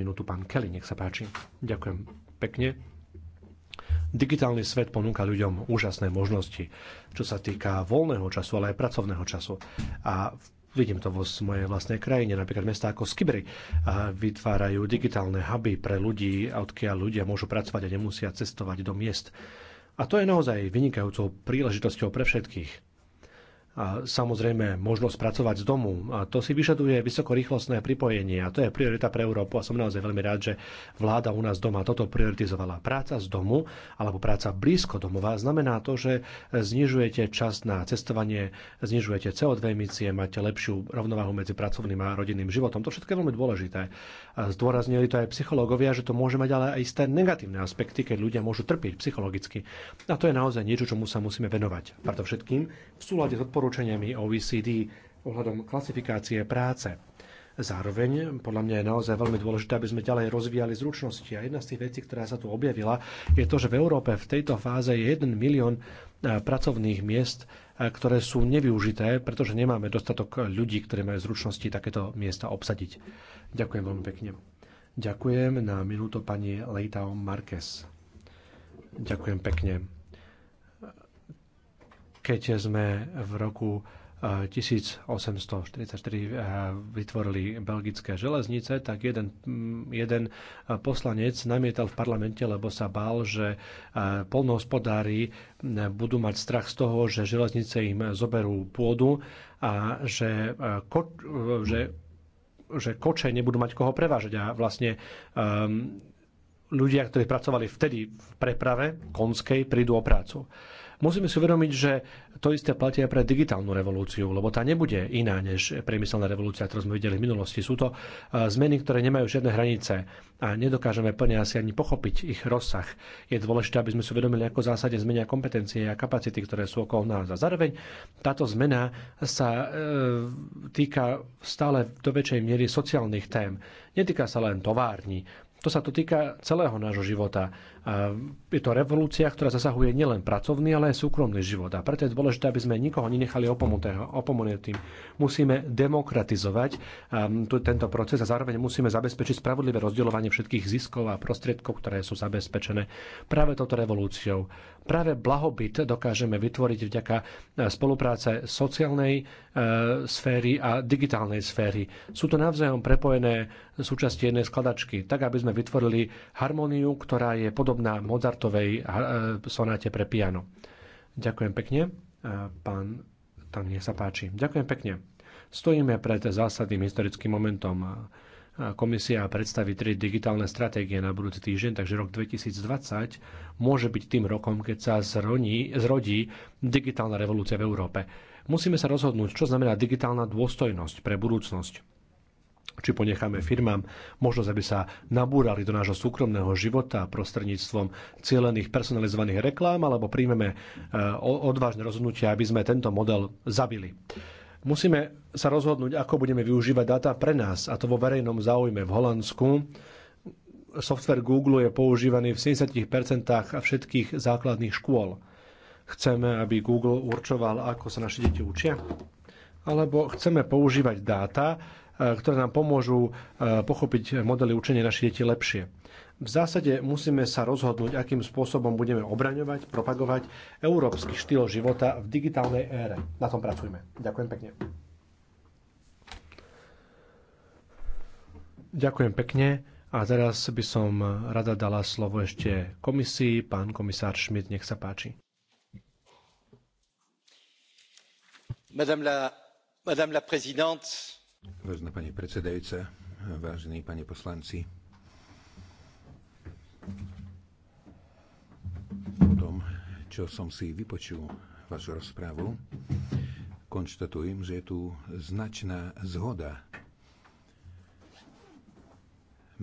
minútu pán Kelly, nech sa páči. Ďakujem pekne. Digitálny svet ponúka ľuďom úžasné možnosti, čo sa týka voľného času, ale aj pracovného času. A vidím to vo mojej vlastnej krajine, napríklad mesta ako Skibry vytvárajú digitálne huby pre ľudí, odkiaľ ľudia môžu pracovať a nemusia cestovať do miest. A to je naozaj vynikajúcou príležitosťou pre všetkých a samozrejme možnosť pracovať z domu. A to si vyžaduje vysokorýchlostné pripojenie a to je priorita pre Európu a som naozaj veľmi rád, že vláda u nás doma toto prioritizovala. Práca z domu alebo práca blízko domova znamená to, že znižujete čas na cestovanie, znižujete CO2 emisie, máte lepšiu rovnováhu medzi pracovným a rodinným životom. To všetko je veľmi dôležité. Zdôraznili to aj psychológovia, že to môže mať ale aj isté negatívne aspekty, keď ľudia môžu trpiť psychologicky. A to je naozaj niečo, čomu sa musíme venovať. všetkým v súlade s odporúčaniami OECD ohľadom klasifikácie práce. Zároveň podľa mňa je naozaj veľmi dôležité, aby sme ďalej rozvíjali zručnosti. A jedna z tých vecí, ktorá sa tu objavila, je to, že v Európe v tejto fáze je 1 milión eh, pracovných miest ktoré sú nevyužité, pretože nemáme dostatok ľudí, ktorí majú zručnosti takéto miesta obsadiť. Ďakujem veľmi pekne. Ďakujem na minúto pani Leitao Marquez. Ďakujem pekne. Keď sme v roku 1844 eh, vytvorili belgické železnice, tak jeden, mm, jeden eh, poslanec namietal v parlamente, lebo sa bál, že eh, polnohospodári budú mať strach z toho, že železnice im zoberú pôdu a že, ko, že, že koče nebudú mať koho prevážať. A vlastne um, ľudia, ktorí pracovali vtedy v preprave konskej, prídu o prácu. Musíme si uvedomiť, že to isté platí aj pre digitálnu revolúciu, lebo tá nebude iná než priemyselná revolúcia, ktorú sme videli v minulosti. Sú to e, zmeny, ktoré nemajú žiadne hranice a nedokážeme plne asi ani pochopiť ich rozsah. Je dôležité, aby sme si uvedomili, ako v zásade zmenia kompetencie a kapacity, ktoré sú okolo nás. A zároveň táto zmena sa e, týka stále do väčšej miery sociálnych tém. Netýka sa len továrni. to sa to týka celého nášho života Ehm, je to revolúcia, ktorá zasahuje nielen pracovný, ale aj súkromný život. A preto je dôležité, aby sme nikoho nenechali opomenutým. Musíme demokratizovať ehm, tento proces a zároveň musíme zabezpečiť spravodlivé rozdeľovanie všetkých ziskov a prostriedkov, ktoré sú zabezpečené práve touto revolúciou. Práve blahobyt dokážeme vytvoriť vďaka e, spolupráce sociálnej e, sféry a digitálnej sféry. Sú to navzájom prepojené súčasti jednej skladačky, tak aby sme vytvorili harmóniu, ktorá je podobná podobná Mozartovej eh, sonáte pre piano. Ďakujem pekne, eh, pán, tam nech sa páči. Ďakujem pekne. Stojíme pred zásadným historickým momentom. Eh, komisia predstaví tri digitálne stratégie na budúci týždeň, takže rok 2020 môže byť tým rokom, keď sa zroní, zrodí digitálna revolúcia v Európe. Musíme sa rozhodnúť, čo znamená digitálna dôstojnosť pre budúcnosť či ponecháme firmám možnosť, aby sa nabúrali do nášho súkromného života prostredníctvom cielených personalizovaných reklám, alebo príjmeme e, odvážne rozhodnutia, aby sme tento model zabili. Musíme sa rozhodnúť, ako budeme využívať dáta pre nás, a to vo verejnom záujme v Holandsku. Software Google je používaný v 70% všetkých základných škôl. Chceme, aby Google určoval, ako sa naši deti učia? Alebo chceme používať dáta, E, ktoré nám pomôžu e, pochopiť modely učenia našich detí lepšie. V zásade musíme sa rozhodnúť, akým spôsobom budeme obraňovať, propagovať európsky štýl života v digitálnej ére. Na tom pracujme. Ďakujem pekne. Ďakujem pekne. A teraz by som rada dala slovo ešte komisii. Pán komisár Šmit, nech sa páči. Madame la, Madame la présidente, Vážená pani predsedajúca, vážení pani poslanci, po tom, čo som si vypočul vašu rozprávu, konštatujem, že je tu značná zhoda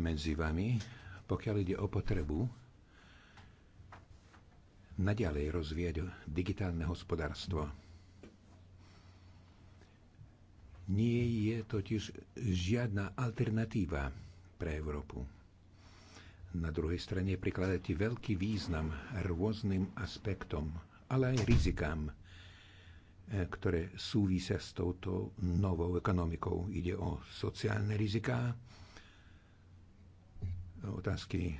medzi vami, pokiaľ ide o potrebu naďalej rozvieť digitálne hospodárstvo nie je totiž žiadna alternatíva pre Európu. Na druhej strane prikladáte veľký význam rôznym aspektom, ale aj rizikám, e, ktoré súvisia s touto novou ekonomikou. Ide o sociálne riziká, otázky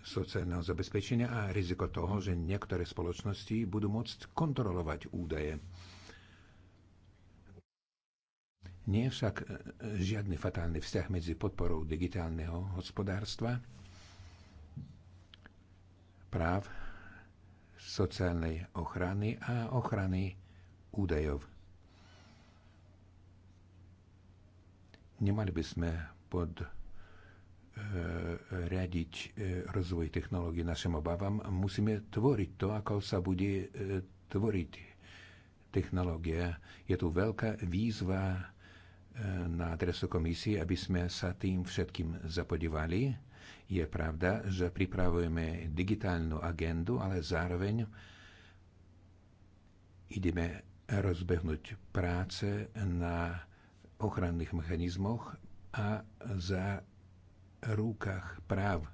sociálneho zabezpečenia a riziko toho, že niektoré spoločnosti budú môcť kontrolovať údaje nie je však e, žiadny fatálny vzťah medzi podporou digitálneho hospodárstva, práv, sociálnej ochrany a ochrany údajov. Nemali by sme pod e, riadiť e, rozvoj technológií našim obavám. Musíme tvoriť to, ako sa bude tvoriť technológia. Je tu veľká výzva na adresu komisie, aby sme sa tým všetkým zapodívali. Je pravda, že pripravujeme digitálnu agendu, ale zároveň ideme rozbehnúť práce na ochranných mechanizmoch a za rúkach práv.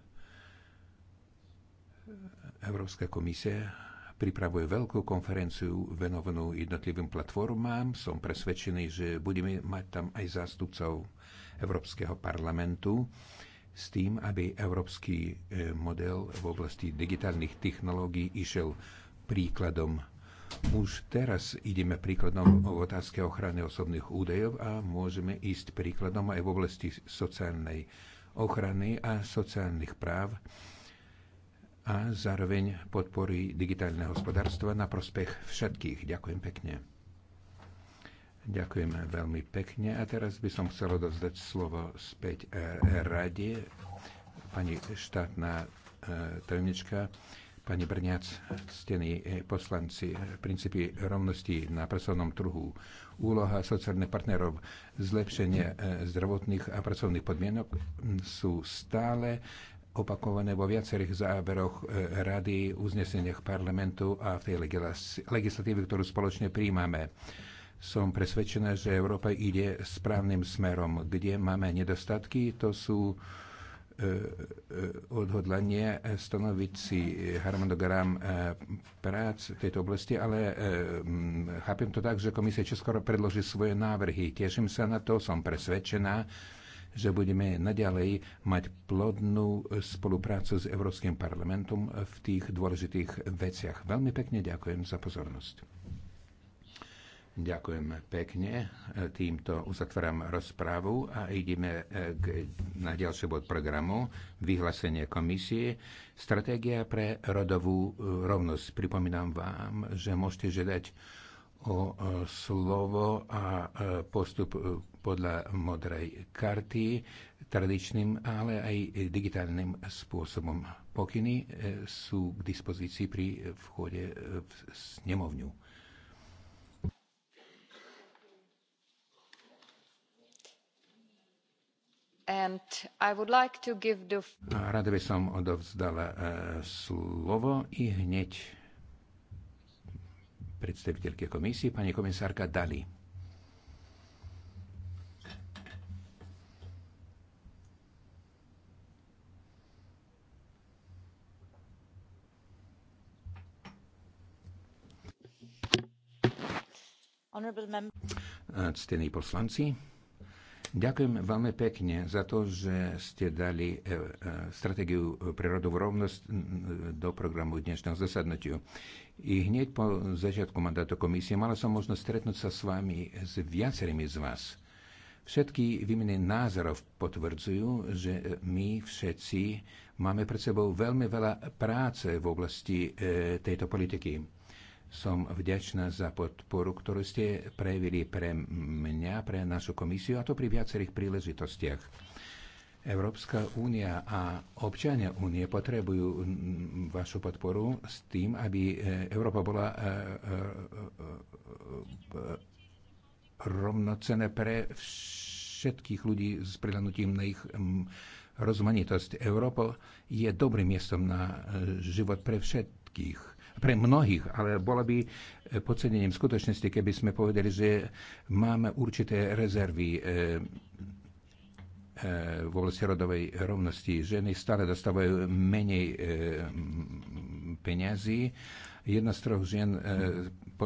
Európska komisia pripravuje veľkú konferenciu venovanú jednotlivým platformám. Som presvedčený, že budeme mať tam aj zástupcov Európskeho parlamentu s tým, aby európsky e, model v oblasti digitálnych technológií išiel príkladom. Už teraz ideme príkladom v otázke ochrany osobných údajov a môžeme ísť príkladom aj v oblasti sociálnej ochrany a sociálnych práv a zároveň podpory digitálne hospodárstva na prospech všetkých. Ďakujem pekne. Ďakujem veľmi pekne a teraz by som chcel dozdať slovo späť eh, rade. Pani štátna eh, tajomnička, pani Brňac, stení eh, poslanci, princípy rovnosti na pracovnom trhu, úloha sociálnych partnerov, zlepšenie zdravotných a pracovných podmienok sú stále opakované vo viacerých záberoch e, rady, uzneseniach parlamentu a v tej legislatíve, ktorú spoločne príjmame. Som presvedčená, že Európa ide správnym smerom. Kde máme nedostatky, to sú e, e, odhodlanie stanoviť si harmonogram prác v tejto oblasti, ale chápem to tak, že komisia čoskoro predloží svoje návrhy. Teším sa na to, som presvedčená, že budeme naďalej mať plodnú spoluprácu s Európskym parlamentom v tých dôležitých veciach. Veľmi pekne ďakujem za pozornosť. Ďakujem pekne. Týmto uzatváram rozprávu a ideme e, k, na ďalší bod programu. Vyhlásenie komisie. Stratégia pre rodovú e, rovnosť. Pripomínam vám, že môžete žiadať o e, slovo a postup podľa modrej karty tradičným, ale aj digitálnym spôsobom. Pokyny e, sú k dispozícii pri vchode e, v snemovňu. Like the... Rada by som odovzdala e, slovo i hneď predstaviteľke komisie, pani komisárka Dali. Ctení poslanci, ďakujem veľmi pekne za to, že ste dali e, e, stratégiu prírodovú rovnosť do programu dnešného zasadnutia. I hneď po začiatku mandátu komisie mala som možnosť stretnúť sa s vami, s viacerými z vás. Všetky výmeny názorov potvrdzujú, že my všetci máme pred sebou veľmi veľa práce v oblasti e, tejto politiky som vďačná za podporu, ktorú ste prejavili pre mňa, pre našu komisiu, a to pri viacerých príležitostiach. Európska únia a občania únie potrebujú vašu podporu s tým, aby e, Európa bola e, e, rovnocené pre všetkých ľudí s prihľadnutím na ich rozmanitosť. Európa je dobrým miestom na život pre všetkých pre mnohých, ale bola by e, podcenením skutočnosti, keby sme povedali, že máme určité rezervy e, e, v oblasti rodovej rovnosti. Ženy stále dostávajú menej peňazí. Jedna z troch žien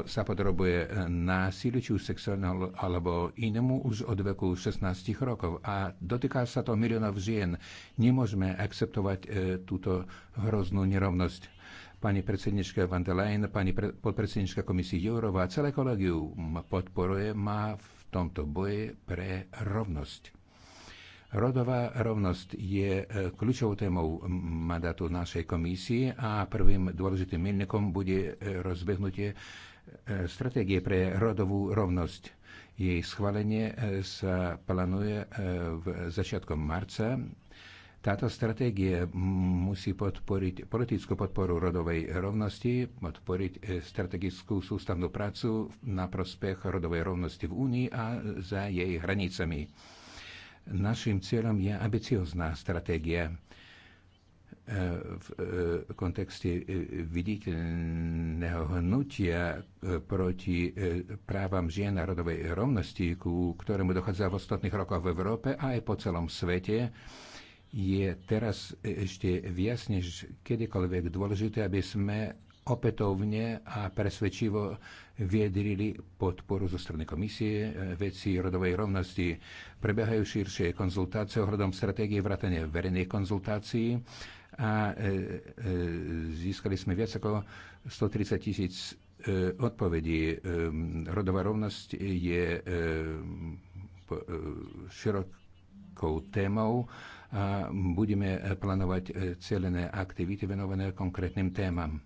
sa podrobuje násiliu, či už sexuálneho alebo inému, už od veku 16 rokov. A dotýka sa to miliónov žien. Nemôžeme akceptovať túto hroznú nerovnosť. Pani predsednička Van der Leyen, pani pre, podpredsednička komisie Jourova a celé kolegium podporuje ma v tomto boji pre rovnosť. Rodová rovnosť je e, kľúčovou témou mandátu našej komisie a prvým dôležitým milníkom bude e, rozbehnutie e, stratégie pre rodovú rovnosť. Jej schválenie sa plánuje v začiatkom marca táto stratégia musí podporiť politickú podporu rodovej rovnosti, podporiť e, strategickú sústavnú prácu na prospech rodovej rovnosti v Únii a za jej hranicami. Našim cieľom je ambiciozná stratégia e, e, v kontexte viditeľného hnutia proti právam žien a rodovej rovnosti, ku ktorému dochádza v ostatných rokoch v Európe a aj po celom svete, je teraz ešte viac než kedykoľvek dôležité, aby sme opätovne a presvedčivo viedrili podporu zo strany komisie e, veci rodovej rovnosti. Prebiehajú širšie konzultácie ohľadom stratégie vrátania verejnej konzultácií a e, e, získali sme viac ako 130 tisíc odpovedí. Ehm, rodová rovnosť je ehm, širokou témou a budeme e, plánovať e, celené aktivity venované konkrétnym témam.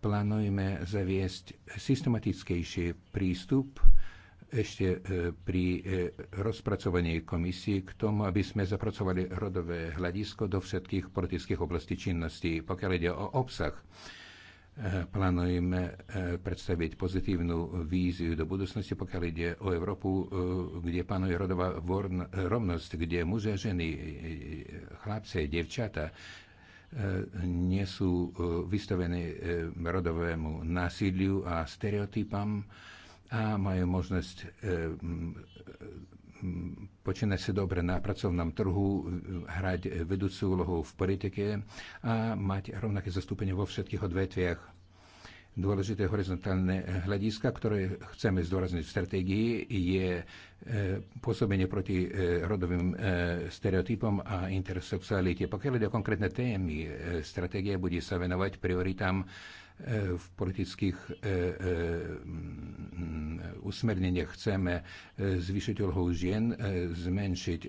Plánujeme zaviesť systematickejší prístup ešte e, pri rozpracovaní komisie k tomu, aby sme zapracovali rodové hľadisko do všetkých politických oblastí činnosti, pokiaľ ide o obsah plánujeme e, predstaviť pozitívnu víziu do budúcnosti, pokiaľ ide o Európu, e, kde panuje rodová rovnosť, kde muži a ženy, e, chlapce, devčata nie sú vystavení rodovému násiliu a stereotypám a majú možnosť počínať si dobre na pracovnom trhu, hrať vedúcu úlohu v politike a mať rovnaké zastúpenie vo všetkých odvetviach. Dôležité horizontálne hľadiska, ktoré chceme zdôrazniť v stratégii, je e, pôsobenie proti e, rodovým e, stereotypom a intersexualite. Pokiaľ ide o konkrétne témy, stratégia bude sa venovať prioritám E, v politických e, e, mm, usmerneniach chceme zvýšiť úlohu žien, zmenšiť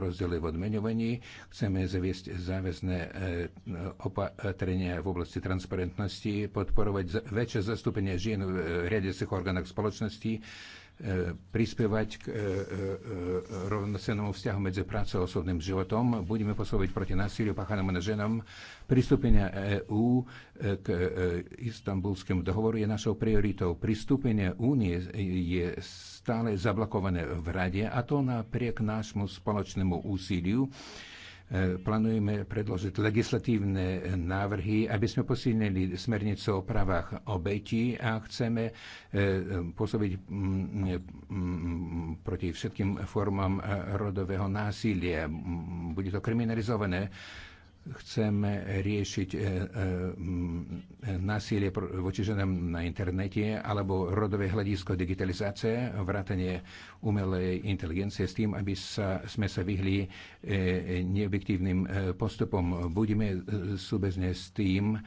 rozdiely v odmeňovaní, chceme zaviesť záväzné opatrenia v oblasti transparentnosti, podporovať väčšie zastúpenie žien v riadiacich orgánoch spoločnosti, E, prispievať k e, e, rovnocennému vzťahu medzi prácou a osobným životom. Budeme posúvať proti násiliu páchanému na ženom. Pristúpenie EÚ k istambulskému dohovoru je našou prioritou. Pristúpenie únie je stále zablokované v rade a to napriek nášmu spoločnému úsiliu E, plánujeme predložiť legislatívne návrhy, aby sme posilnili smernicu o právach obetí a chceme e, pôsobiť mm, e, mm, proti všetkým formám rodového násilia. Bude to kriminalizované chceme riešiť e, e, násilie voči ženám na internete alebo rodové hľadisko digitalizácie, vrátanie umelej inteligencie s tým, aby sa, sme sa vyhli e, neobjektívnym postupom. Budeme súbezne s tým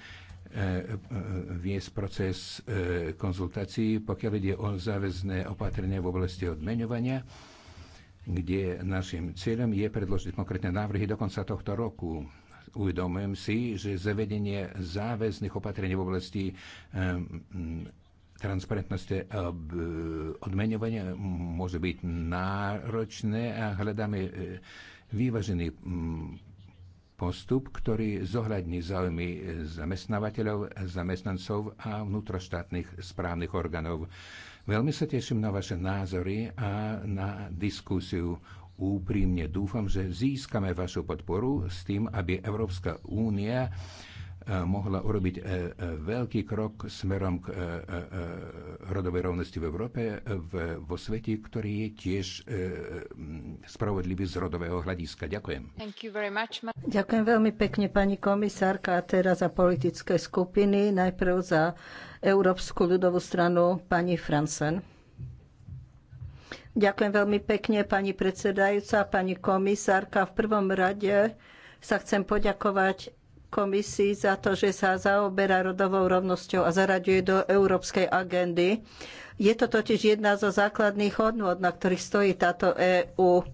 viesť proces konzultácií, pokiaľ ide o záväzné opatrenia v oblasti odmeňovania kde našim cieľom je predložiť konkrétne návrhy do konca tohto roku. Uvedomujem si, že zavedenie záväzných opatrení v oblasti transparentnosti eh, odmenovania môže byť náročné a hľadáme eh, vyvážený postup, ktorý zohľadní záujmy zamestnávateľov, zamestnancov a vnútroštátnych správnych orgánov. Veľmi sa teším na vaše názory a na diskusiu úprimne dúfam, že získame vašu podporu s tým, aby Európska únia e, mohla urobiť e, e, veľký krok smerom k rodovej rovnosti v Európe, vo svete, ktorý je tiež spravodlivý z rodového hľadiska. Ďakujem. Much, Ďakujem veľmi pekne, pani komisárka, a teraz za politické skupiny. Najprv za Európsku ľudovú stranu pani Fransen. Ďakujem veľmi pekne, pani predsedajúca, pani komisárka. V prvom rade sa chcem poďakovať komisii za to, že sa zaoberá rodovou rovnosťou a zaraďuje do európskej agendy. Je to totiž jedna zo základných hodnôt, na ktorých stojí táto EÚ.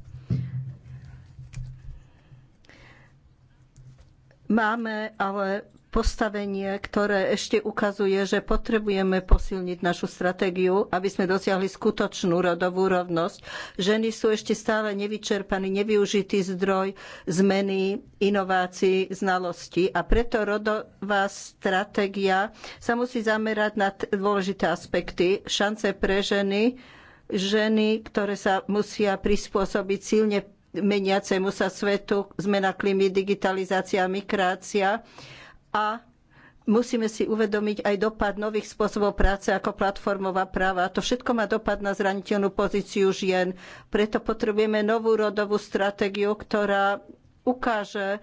Máme ale postavenie, ktoré ešte ukazuje, že potrebujeme posilniť našu stratégiu, aby sme dosiahli skutočnú rodovú rovnosť. Ženy sú ešte stále nevyčerpaný, nevyužitý zdroj zmeny, inovácií, znalostí a preto rodová stratégia sa musí zamerať na dôležité aspekty, šance pre ženy, ženy, ktoré sa musia prispôsobiť silne meniacemu sa svetu, zmena klímy, digitalizácia, migrácia a musíme si uvedomiť aj dopad nových spôsobov práce ako platformová práva. To všetko má dopad na zraniteľnú pozíciu žien. Preto potrebujeme novú rodovú stratégiu, ktorá ukáže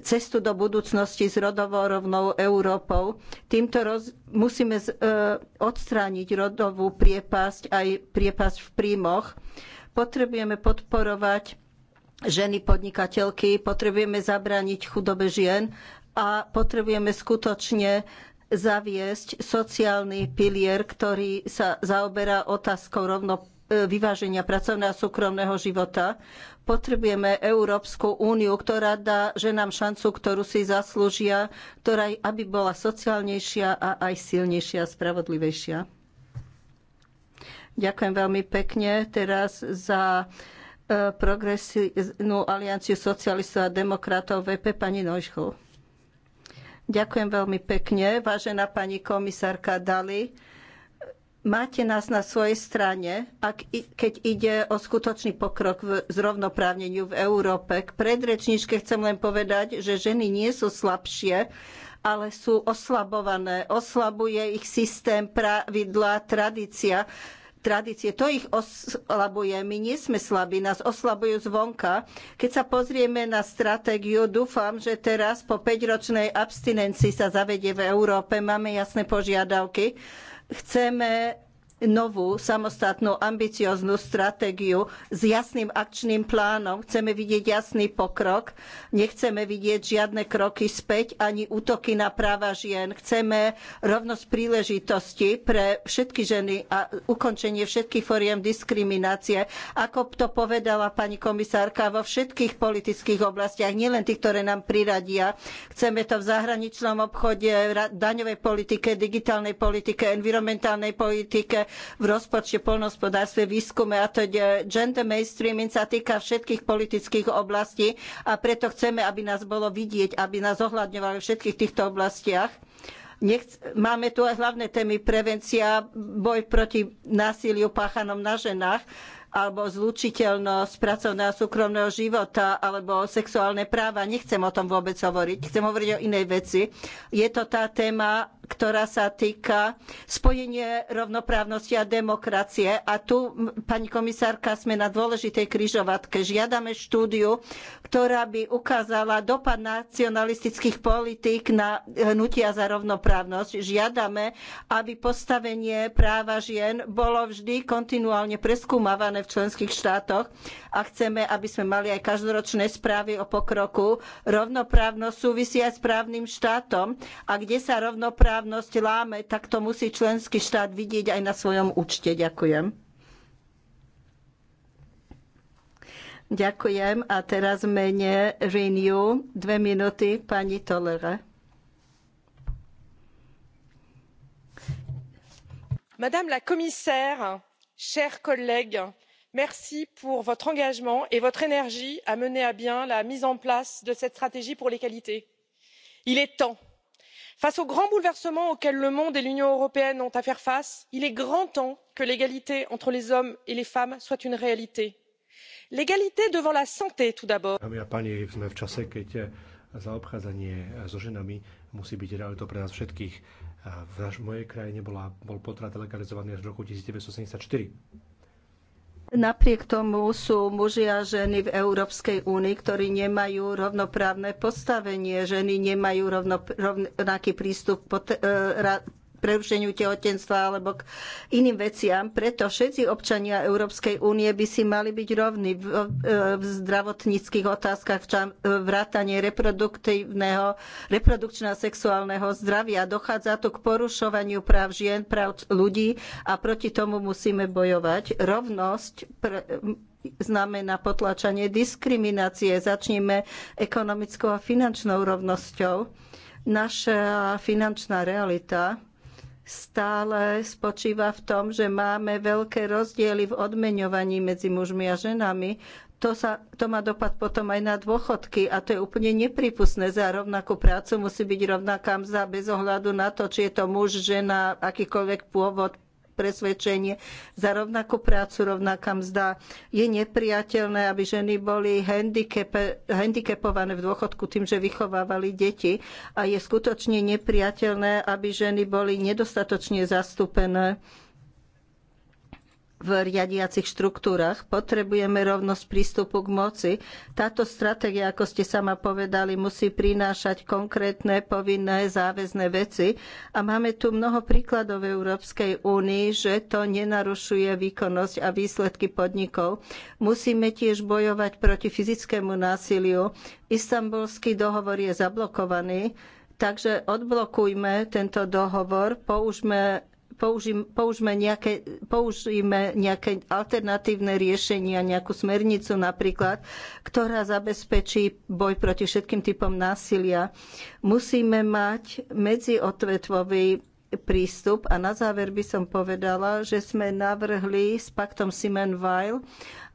cestu do budúcnosti s rodovo rovnou Európou. Týmto roz... musíme z... E, odstrániť rodovú priepasť aj priepasť v príjmoch. Potrebujeme podporovať ženy podnikateľky, potrebujeme zabrániť chudobe žien a potrebujeme skutočne zaviesť sociálny pilier, ktorý sa zaoberá otázkou rovno e, vyváženia pracovného a súkromného života. Potrebujeme Európsku úniu, ktorá dá ženám šancu, ktorú si zaslúžia, ktorá aby bola sociálnejšia a aj silnejšia a spravodlivejšia. Ďakujem veľmi pekne teraz za e, progresívnu no, alianciu socialistov a demokratov VP e pani Nojškov. Ďakujem veľmi pekne, vážená pani komisárka Dali. Máte nás na svojej strane, ak, keď ide o skutočný pokrok v zrovnoprávneniu v Európe. K predrečníčke chcem len povedať, že ženy nie sú slabšie, ale sú oslabované. Oslabuje ich systém, pravidlá, tradícia tradície. To ich oslabuje. My nie sme slabí, nás oslabujú zvonka. Keď sa pozrieme na stratégiu, dúfam, že teraz po 5-ročnej abstinencii sa zavedie v Európe. Máme jasné požiadavky. Chceme novú samostatnú ambicióznu stratégiu s jasným akčným plánom. Chceme vidieť jasný pokrok, nechceme vidieť žiadne kroky späť ani útoky na práva žien. Chceme rovnosť príležitosti pre všetky ženy a ukončenie všetkých foriem diskriminácie. Ako to povedala pani komisárka, vo všetkých politických oblastiach, nielen tých, ktoré nám priradia. Chceme to v zahraničnom obchode, daňovej politike, digitálnej politike, environmentálnej politike, v rozpočte, poľnohospodárstve, výskume a to gender mainstreaming sa týka všetkých politických oblastí a preto chceme, aby nás bolo vidieť, aby nás ohľadňovali v všetkých týchto oblastiach. máme tu aj hlavné témy prevencia, boj proti násiliu páchanom na ženách, alebo zlučiteľnosť pracovného a súkromného života alebo sexuálne práva. Nechcem o tom vôbec hovoriť. Chcem hovoriť o inej veci. Je to tá téma, ktorá sa týka spojenie rovnoprávnosti a demokracie. A tu, pani komisárka, sme na dôležitej kryžovatke. Žiadame štúdiu, ktorá by ukázala dopad nacionalistických politík na hnutia za rovnoprávnosť. Žiadame, aby postavenie práva žien bolo vždy kontinuálne preskúmavané v členských štátoch a chceme, aby sme mali aj každoročné správy o pokroku. Rovnoprávnosť súvisí aj s právnym štátom a kde sa rovnoprávnosť rovnoprávnosť láme, tak to musí členský štát vidieť aj na svojom účte. Ďakujem. Ďakujem. A teraz mene Renew. Dve minúty, pani Tolere. Madame la commissaire, chers collègues, merci pour votre engagement et votre énergie à mener à bien la mise en place de cette stratégie pour l'égalité. il est temps face aux grands bouleversements auxquels le monde et l'union européenne ont à faire face il est grand temps que l'égalité entre les hommes et les femmes soit une réalité. l'égalité devant la santé tout d'abord zaobchádzanie so ženami musí byť realitou pre nás všetkých. V mojej krajine bola, bol potrat legalizovaný až v roku Napriek tomu sú muži a ženy v Európskej únii, ktorí nemajú rovnoprávne postavenie. Ženy nemajú rovno, rovnaký prístup k eh, prerušeniu tehotenstva alebo k iným veciam. Preto všetci občania Európskej únie by si mali byť rovní v, v zdravotníckých otázkach vrátanie reproduktívneho, reprodukčného sexuálneho zdravia. Dochádza tu k porušovaniu práv žien, práv ľudí a proti tomu musíme bojovať. Rovnosť pre, znamená potlačanie diskriminácie. Začneme ekonomickou a finančnou rovnosťou. Naša finančná realita stále spočíva v tom, že máme veľké rozdiely v odmeňovaní medzi mužmi a ženami. To, sa, to má dopad potom aj na dôchodky a to je úplne nepripustné. Za rovnakú prácu musí byť rovnaká mzda bez ohľadu na to, či je to muž, žena, akýkoľvek pôvod, presvedčenie za rovnakú prácu, rovnaká mzda. Je nepriateľné, aby ženy boli handicapované v dôchodku tým, že vychovávali deti. A je skutočne nepriateľné, aby ženy boli nedostatočne zastúpené v riadiacich štruktúrach. Potrebujeme rovnosť prístupu k moci. Táto stratégia, ako ste sama povedali, musí prinášať konkrétne, povinné, záväzné veci. A máme tu mnoho príkladov v Európskej únii, že to nenarušuje výkonnosť a výsledky podnikov. Musíme tiež bojovať proti fyzickému násiliu. Istanbulský dohovor je zablokovaný. Takže odblokujme tento dohovor, použme použim, použme nejaké, použijme nejaké alternatívne riešenia, nejakú smernicu napríklad, ktorá zabezpečí boj proti všetkým typom násilia. Musíme mať medziotvetvový prístup a na záver by som povedala, že sme navrhli s paktom Simon Weil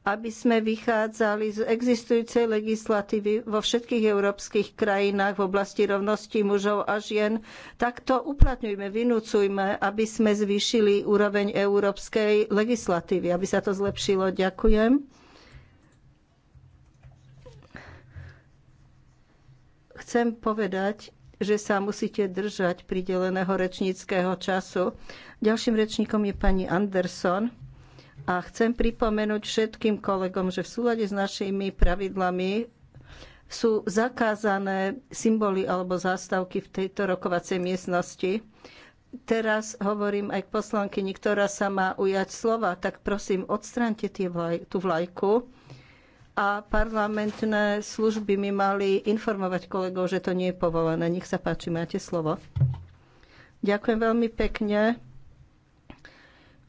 aby sme vychádzali z existujúcej legislatívy vo všetkých európskych krajinách v oblasti rovnosti mužov a žien. tak to uplatňujme, vynúcujme, aby sme zvýšili úroveň európskej legislatívy, aby sa to zlepšilo. Ďakujem. Chcem povedať, že sa musíte držať prideleného rečníckého času. Ďalším rečníkom je pani Anderson. A chcem pripomenúť všetkým kolegom, že v súlade s našimi pravidlami sú zakázané symboly alebo zástavky v tejto rokovacej miestnosti. Teraz hovorím aj k poslankyni, ktorá sa má ujať slova, tak prosím, odstraňte tú vlajku. A parlamentné služby mi mali informovať kolegov, že to nie je povolené. Nech sa páči, máte slovo. Ďakujem veľmi pekne.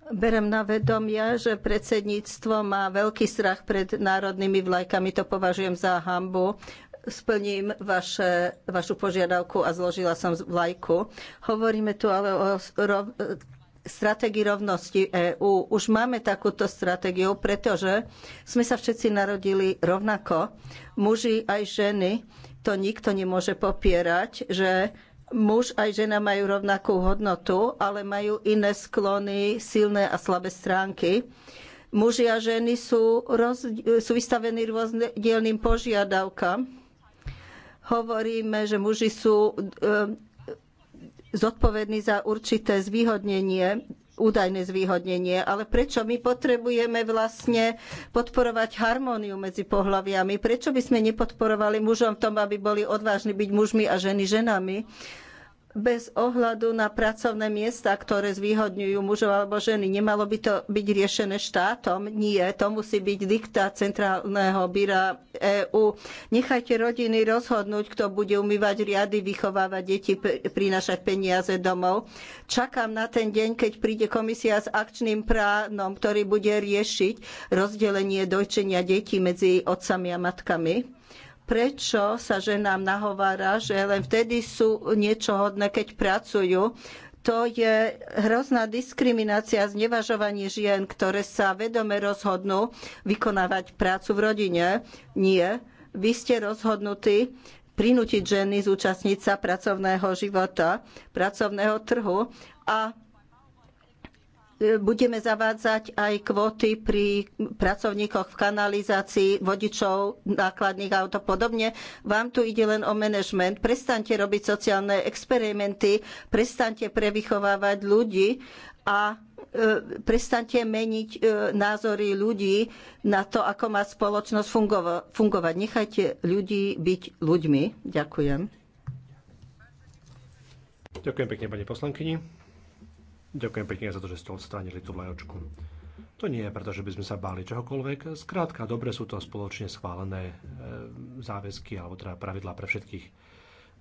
Berem na vedomie, že predsedníctvo má veľký strach pred národnými vlajkami. To považujem za hambu. Splním vaše, vašu požiadavku a zložila som vlajku. Hovoríme tu ale o rov, stratégii rovnosti EÚ. Už máme takúto stratégiu, pretože sme sa všetci narodili rovnako. Muži aj ženy. To nikto nemôže popierať, že muž aj žena majú rovnakú hodnotu, ale majú iné sklony, silné a slabé stránky. Muži a ženy sú, roz, sú vystavení rozdielným požiadavkám. Hovoríme, že muži sú e, zodpovední za určité zvýhodnenie údajné zvýhodnenie, ale prečo my potrebujeme vlastne podporovať harmóniu medzi pohľaviami? Prečo by sme nepodporovali mužom v tom, aby boli odvážni byť mužmi a ženy ženami? bez ohľadu na pracovné miesta, ktoré zvýhodňujú mužov alebo ženy. Nemalo by to byť riešené štátom? Nie, to musí byť diktát Centrálneho byra EÚ. Nechajte rodiny rozhodnúť, kto bude umývať riady, vychovávať deti, prinášať peniaze domov. Čakám na ten deň, keď príde komisia s akčným pránom, ktorý bude riešiť rozdelenie dojčenia detí medzi otcami a matkami prečo sa ženám nahovára, že len vtedy sú niečo hodné, keď pracujú. To je hrozná diskriminácia a znevažovanie žien, ktoré sa vedome rozhodnú vykonávať prácu v rodine. Nie. Vy ste rozhodnutí prinútiť ženy zúčastniť sa pracovného života, pracovného trhu a budeme zavádzať aj kvóty pri pracovníkoch v kanalizácii, vodičov, nákladných aut a podobne. Vám tu ide len o manažment. Prestaňte robiť sociálne experimenty, prestaňte prevychovávať ľudí a e, prestaňte meniť e, názory ľudí na to, ako má spoločnosť fungovať. Nechajte ľudí byť ľuďmi. Ďakujem. Ďakujem pekne, pani poslankyni. Ďakujem pekne za to, že ste odstránili tú vlajočku. To nie je preto, že by sme sa báli čohokoľvek. Skrátka, dobre sú to spoločne schválené e, záväzky alebo teda pravidlá pre všetkých.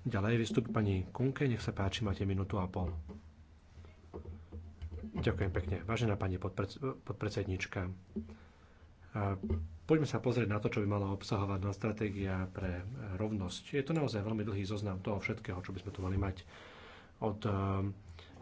Ďalej vystúpi pani Kunke, nech sa páči, máte minútu a pol. Ďakujem pekne. Vážená pani podpred, podpredsednička, e, poďme sa pozrieť na to, čo by mala obsahovať na stratégia pre e, rovnosť. Je to naozaj veľmi dlhý zoznam toho všetkého, čo by sme tu mali mať od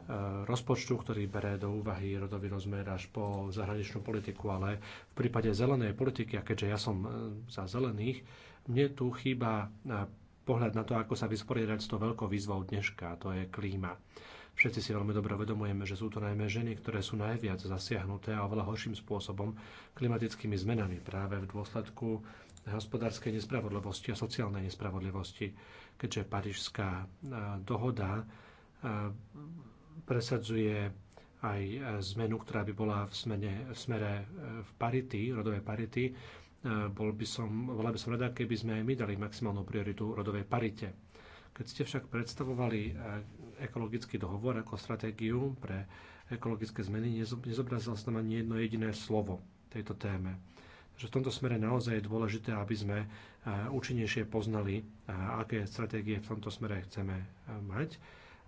Eh, rozpočtu, ktorý bere do úvahy rodový rozmer až po zahraničnú politiku, ale v prípade zelenej politiky, a keďže ja som eh, za zelených, mne tu chýba eh, pohľad na to, ako sa vysporiadať s tou veľkou výzvou dneška, to je klíma. Všetci si veľmi dobre uvedomujeme, že sú to najmä ženy, ktoré sú najviac zasiahnuté a oveľa horším spôsobom klimatickými zmenami práve v dôsledku hospodárskej nespravodlivosti a sociálnej nespravodlivosti, keďže Parížská dohoda presadzuje aj e, zmenu, ktorá by bola v, smene, v smere e, v parity, rodovej parity. E, bol by som, bola by som rada, keby sme aj my dali maximálnu prioritu rodovej parite. Keď ste však predstavovali ekologický dohovor ako stratégiu pre ekologické zmeny, nezobrazil sa tam ani jedno jediné slovo tejto téme. Že v tomto smere naozaj je dôležité, aby sme účinnejšie poznali, aké stratégie v tomto smere chceme mať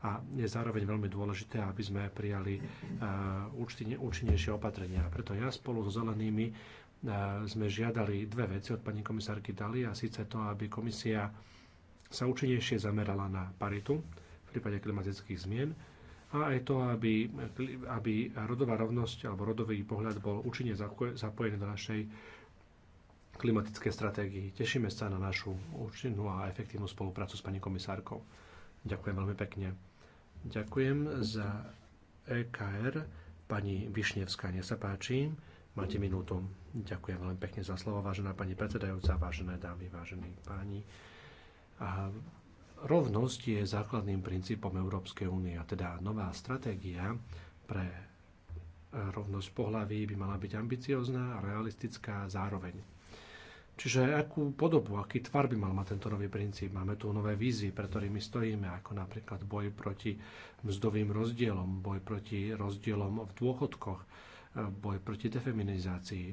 a je zároveň veľmi dôležité, aby sme prijali e, účinnejšie opatrenia. Preto ja spolu so zelenými e, sme žiadali dve veci od pani komisárky Dali a síce to, aby komisia sa účinnejšie zamerala na paritu v prípade klimatických zmien a aj to, aby, aby rodová rovnosť alebo rodový pohľad bol účinne zapojený do našej klimatickej stratégii. Tešíme sa na našu účinnú a efektívnu spoluprácu s pani komisárkou. Ďakujem veľmi pekne. Ďakujem za EKR. Pani Višnevská, nech sa páči. Máte minútu. Ďakujem veľmi pekne za slovo, vážená pani predsedajúca, vážené dámy, vážení páni. A rovnosť je základným princípom Európskej únie a teda nová stratégia pre rovnosť pohlaví by mala byť ambiciozná a zároveň Čiže akú podobu, aký tvar by mal mať tento nový princíp? Máme tu nové vízy, pre ktorými stojíme, ako napríklad boj proti mzdovým rozdielom, boj proti rozdielom v dôchodkoch, e, boj proti defeminizácii.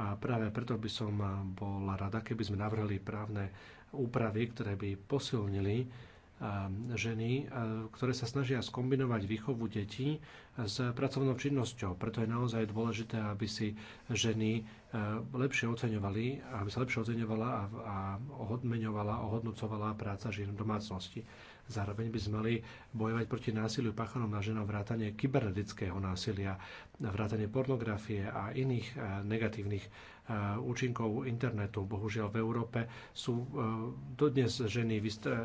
A práve preto by som e, bola rada, keby sme navrhli právne úpravy, ktoré by posilnili ženy, ktoré sa snažia skombinovať výchovu detí s pracovnou činnosťou. Preto je naozaj dôležité, aby si ženy e, lepšie oceňovali, aby sa lepšie oceňovala a, a odmeňovala, ohodnocovala práca žien v domácnosti. Zároveň by sme mali bojovať proti násiliu páchanom na ženom vrátane kybernetického násilia, vrátane pornografie a iných e, negatívnych e, účinkov internetu. Bohužiaľ v Európe sú e, dodnes ženy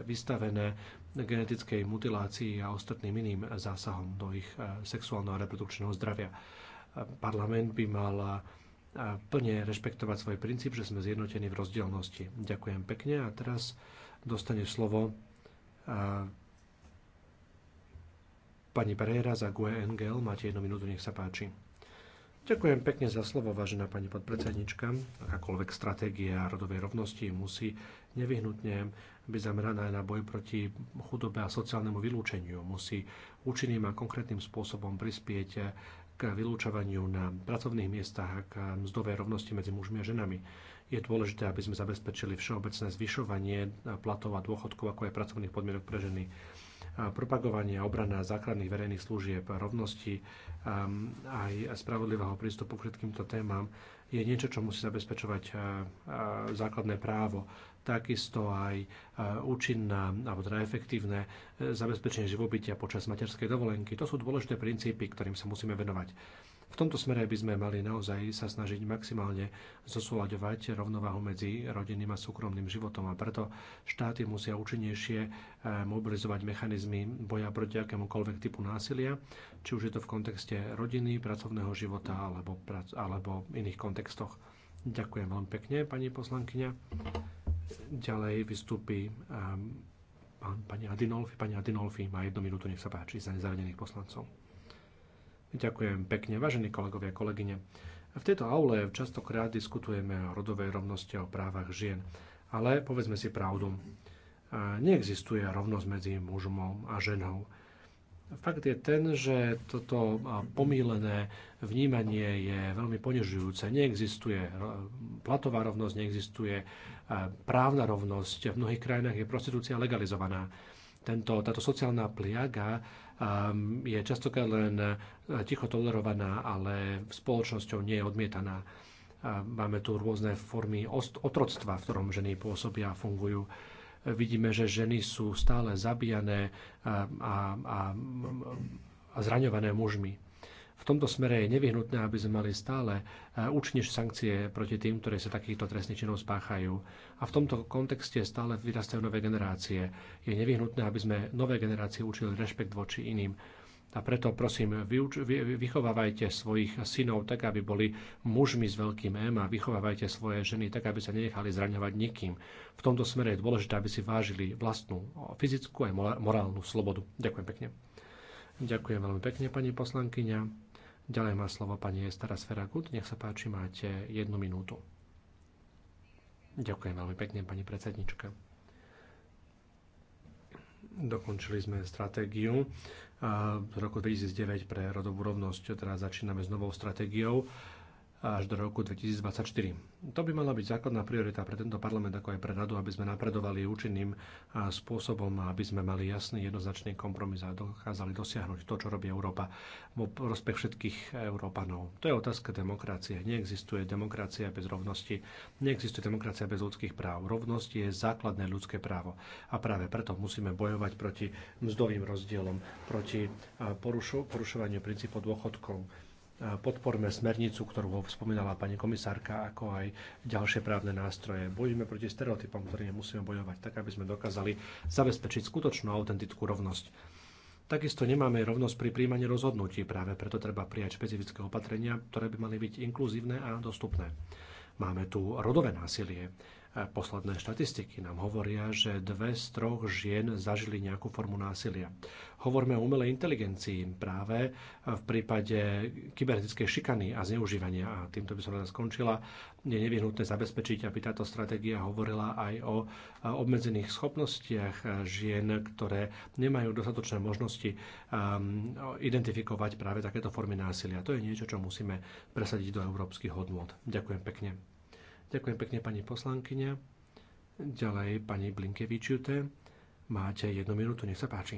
vystavené genetickej mutilácii a ostatným iným zásahom do ich sexuálneho a reprodukčného zdravia. Parlament by mal plne rešpektovať svoj princíp, že sme zjednotení v rozdielnosti. Ďakujem pekne a teraz dostane slovo Pani Pereira za GUE Engel, máte jednu minútu, nech sa páči. Ďakujem pekne za slovo, vážená pani podpredsednička. Akákoľvek stratégia rodovej rovnosti musí nevyhnutne byť zameraná aj na boj proti chudobe a sociálnemu vylúčeniu. Musí účinným a konkrétnym spôsobom prispieť k vylúčovaniu na pracovných miestach a k mzdovej rovnosti medzi mužmi a ženami je dôležité, aby sme zabezpečili všeobecné zvyšovanie platov a dôchodkov, ako aj pracovných podmienok pre ženy propagovanie a obrana základných verejných služieb, rovnosti um, aj spravodlivého prístupu k všetkýmto témam je niečo, čo musí zabezpečovať uh, uh, základné právo. Takisto aj uh, účinná alebo teda efektívne zabezpečenie živobytia počas materskej dovolenky. To sú dôležité princípy, ktorým sa musíme venovať. V tomto smere by sme mali naozaj sa snažiť maximálne zosúľaďovať rovnováhu medzi rodinným a súkromným životom a preto štáty musia účinnejšie eh, mobilizovať mechanizmy boja proti akémukoľvek typu násilia, či už je to v kontexte rodiny, pracovného života alebo, alebo iných kontextoch. Ďakujem veľmi pekne, pani poslankyňa. Ďalej vystúpi eh, pán, pani Adinolfi. Pani Adinolfi má jednu minútu, nech sa páči, za nezaradených poslancov. Ďakujem pekne, vážení kolegovia, kolegyne. V tejto aule častokrát diskutujeme o rodovej rovnosti a o právach žien. Ale povedzme si pravdu. Neexistuje rovnosť medzi mužom a ženou. Fakt je ten, že toto pomílené vnímanie je veľmi ponižujúce. Neexistuje platová rovnosť, neexistuje e, právna rovnosť. V mnohých krajinách je prostitúcia legalizovaná. Tento, táto sociálna pliaga um, je častokrát len uh, ticho tolerovaná, ale spoločnosťou nie je odmietaná. Uh, máme tu rôzne formy otroctva, v ktorom ženy pôsobia a fungujú vidíme, že ženy sú stále zabíjané uh, a, a, a zraňované mužmi. V tomto smere je nevyhnutné, aby sme mali stále e, účinnejšie sankcie proti tým, ktorí sa takýchto trestných činov spáchajú. A v tomto kontexte stále vyrastajú nové generácie. Je nevyhnutné, aby sme nové generácie učili rešpekt voči iným. A preto prosím, vyuč- vy- vychovávajte svojich synov tak, aby boli mužmi s veľkým M a vychovávajte svoje ženy tak, aby sa nenechali zraňovať nikým. V tomto smere je dôležité, aby si vážili vlastnú fyzickú aj morálnu slobodu. Ďakujem pekne. Ďakujem veľmi pekne, pani poslankyňa. Ďalej má slovo pani Estara Sferagut. Nech sa páči, máte jednu minútu. Ďakujem veľmi pekne, pani predsednička. Dokončili sme stratégiu z roku 2009 pre rodovú rovnosť, Teraz začíname s novou stratégiou až do roku 2024. To by mala byť základná priorita pre tento parlament, ako aj pre radu, aby sme napredovali účinným spôsobom aby sme mali jasný, jednoznačný kompromis a dokázali dosiahnuť to, čo robí Európa v prospech všetkých Európanov. To je otázka demokracie. Neexistuje demokracia bez rovnosti, neexistuje demokracia bez ľudských práv. Rovnosť je základné ľudské právo a práve preto musíme bojovať proti mzdovým rozdielom, proti porušovaniu princípov dôchodkov podporme smernicu, ktorú ho spomínala pani komisárka, ako aj ďalšie právne nástroje. Bojíme proti stereotypom, ktorými musíme bojovať, tak aby sme dokázali zabezpečiť skutočnú autentickú rovnosť. Takisto nemáme rovnosť pri príjmaní rozhodnutí, práve preto treba prijať špecifické opatrenia, ktoré by mali byť inkluzívne a dostupné. Máme tu rodové násilie. Posledné štatistiky nám hovoria, že dve z troch žien zažili nejakú formu násilia. Hovoríme o umelej inteligencii práve v prípade kybernetickej šikany a zneužívania. A týmto by som rada skončila. Je nevyhnutné zabezpečiť, aby táto stratégia hovorila aj o obmedzených schopnostiach žien, ktoré nemajú dostatočné možnosti um, identifikovať práve takéto formy násilia. To je niečo, čo musíme presadiť do európskych hodnôt. Ďakujem pekne. Ďakujem pekne pani poslankyňa. Ďalej pani Blinkevičiute. Máte jednu minútu, nech sa páči.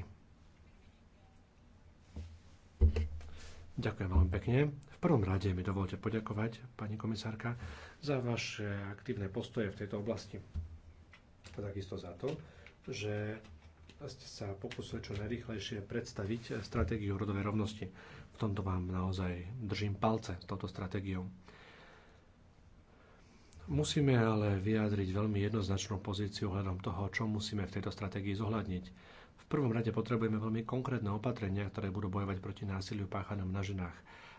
Ďakujem veľmi pekne. V prvom rade mi dovolte poďakovať, pani komisárka, za vaše aktívne postoje v tejto oblasti. A takisto za to, že ste sa pokusili čo najrychlejšie predstaviť stratégiu rodovej rovnosti. V tomto vám naozaj držím palce s touto stratégiou. Musíme ale vyjadriť veľmi jednoznačnú pozíciu hľadom toho, čo musíme v tejto stratégii zohľadniť. V prvom rade potrebujeme veľmi konkrétne opatrenia, ktoré budú bojovať proti násiliu páchanom na ženách.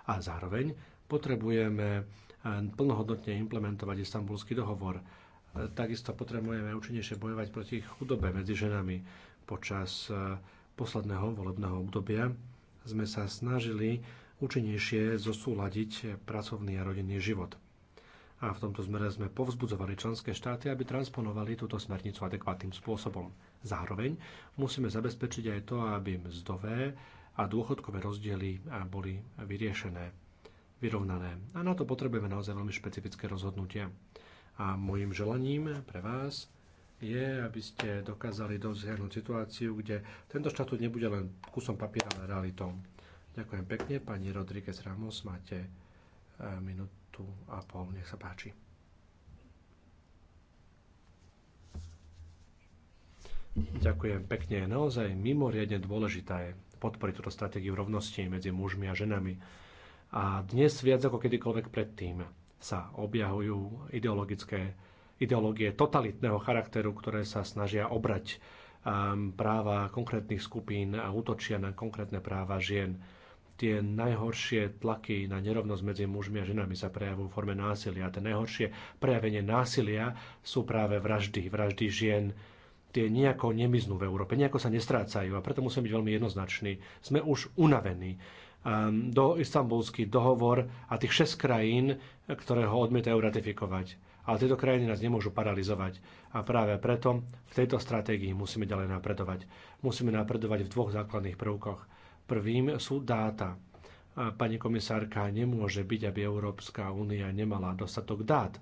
A zároveň potrebujeme eh, plnohodnotne implementovať istambulský dohovor. Eh, takisto potrebujeme účinnejšie bojovať proti chudobe medzi ženami. Počas eh, posledného volebného obdobia sme sa snažili účinnejšie zosúľadiť pracovný a rodinný život a v tomto zmere sme povzbudzovali členské štáty, aby transponovali túto smernicu adekvátnym spôsobom. Zároveň musíme zabezpečiť aj to, aby mzdové a dôchodkové rozdiely boli vyriešené, vyrovnané. A na to potrebujeme naozaj veľmi špecifické rozhodnutia. A môjim želaním pre vás je, aby ste dokázali dosiahnuť situáciu, kde tento štatút nebude len kusom papiera, ale realitou. Ďakujem pekne, pani Rodríguez Ramos, máte eh, minútu minútu a pol. Nech sa páči. Ďakujem pekne. Naozaj mimoriadne dôležitá je podporiť túto stratégiu rovnosti medzi mužmi a ženami. A dnes viac ako kedykoľvek predtým sa objavujú ideologické ideológie totalitného charakteru, ktoré sa snažia obrať ehm, práva konkrétnych skupín a útočia na konkrétne práva žien tie najhoršie tlaky na nerovnosť medzi mužmi a ženami sa prejavujú v forme násilia. A tie najhoršie prejavenie násilia sú práve vraždy, vraždy žien. Tie nejako nemiznú v Európe, nejako sa nestrácajú a preto musíme byť veľmi jednoznační. Sme už unavení. Ehm, do istambulský dohovor a tých 6 krajín, ktoré ho odmietajú ratifikovať. Ale tieto krajiny nás nemôžu paralizovať. A práve preto v tejto stratégii musíme ďalej napredovať. Musíme napredovať v dvoch základných prvkoch Prvým sú dáta. A pani komisárka, nemôže byť, aby Európska únia nemala dostatok dát.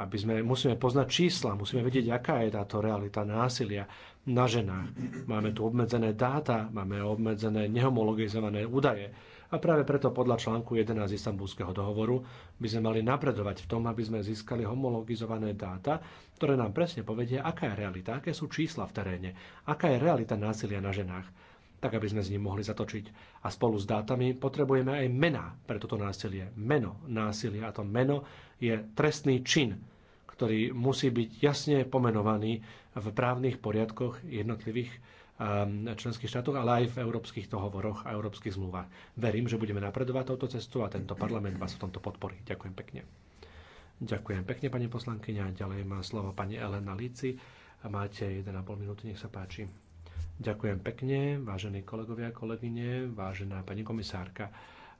Aby sme, musíme poznať čísla, musíme vedieť, aká je táto realita násilia na ženách. Máme tu obmedzené dáta, máme obmedzené nehomologizované údaje. A práve preto podľa článku 11 Istambulského dohovoru by sme mali napredovať v tom, aby sme získali homologizované dáta, ktoré nám presne povedia, aká je realita, aké sú čísla v teréne, aká je realita násilia na ženách tak aby sme s ním mohli zatočiť. A spolu s dátami potrebujeme aj mená pre toto násilie. Meno násilia a to meno je trestný čin, ktorý musí byť jasne pomenovaný v právnych poriadkoch jednotlivých ehm, členských štátoch, ale aj v európskych dohovoroch a európskych zmluvách. Verím, že budeme napredovať touto cestu a tento parlament vás v tomto podporí. Ďakujem pekne. Ďakujem pekne, pani poslankyňa. Ďalej má slovo pani Elena Lici. Máte 1,5 minúty, nech sa páči. Ďakujem pekne, vážení kolegovia a kolegyne, vážená pani komisárka.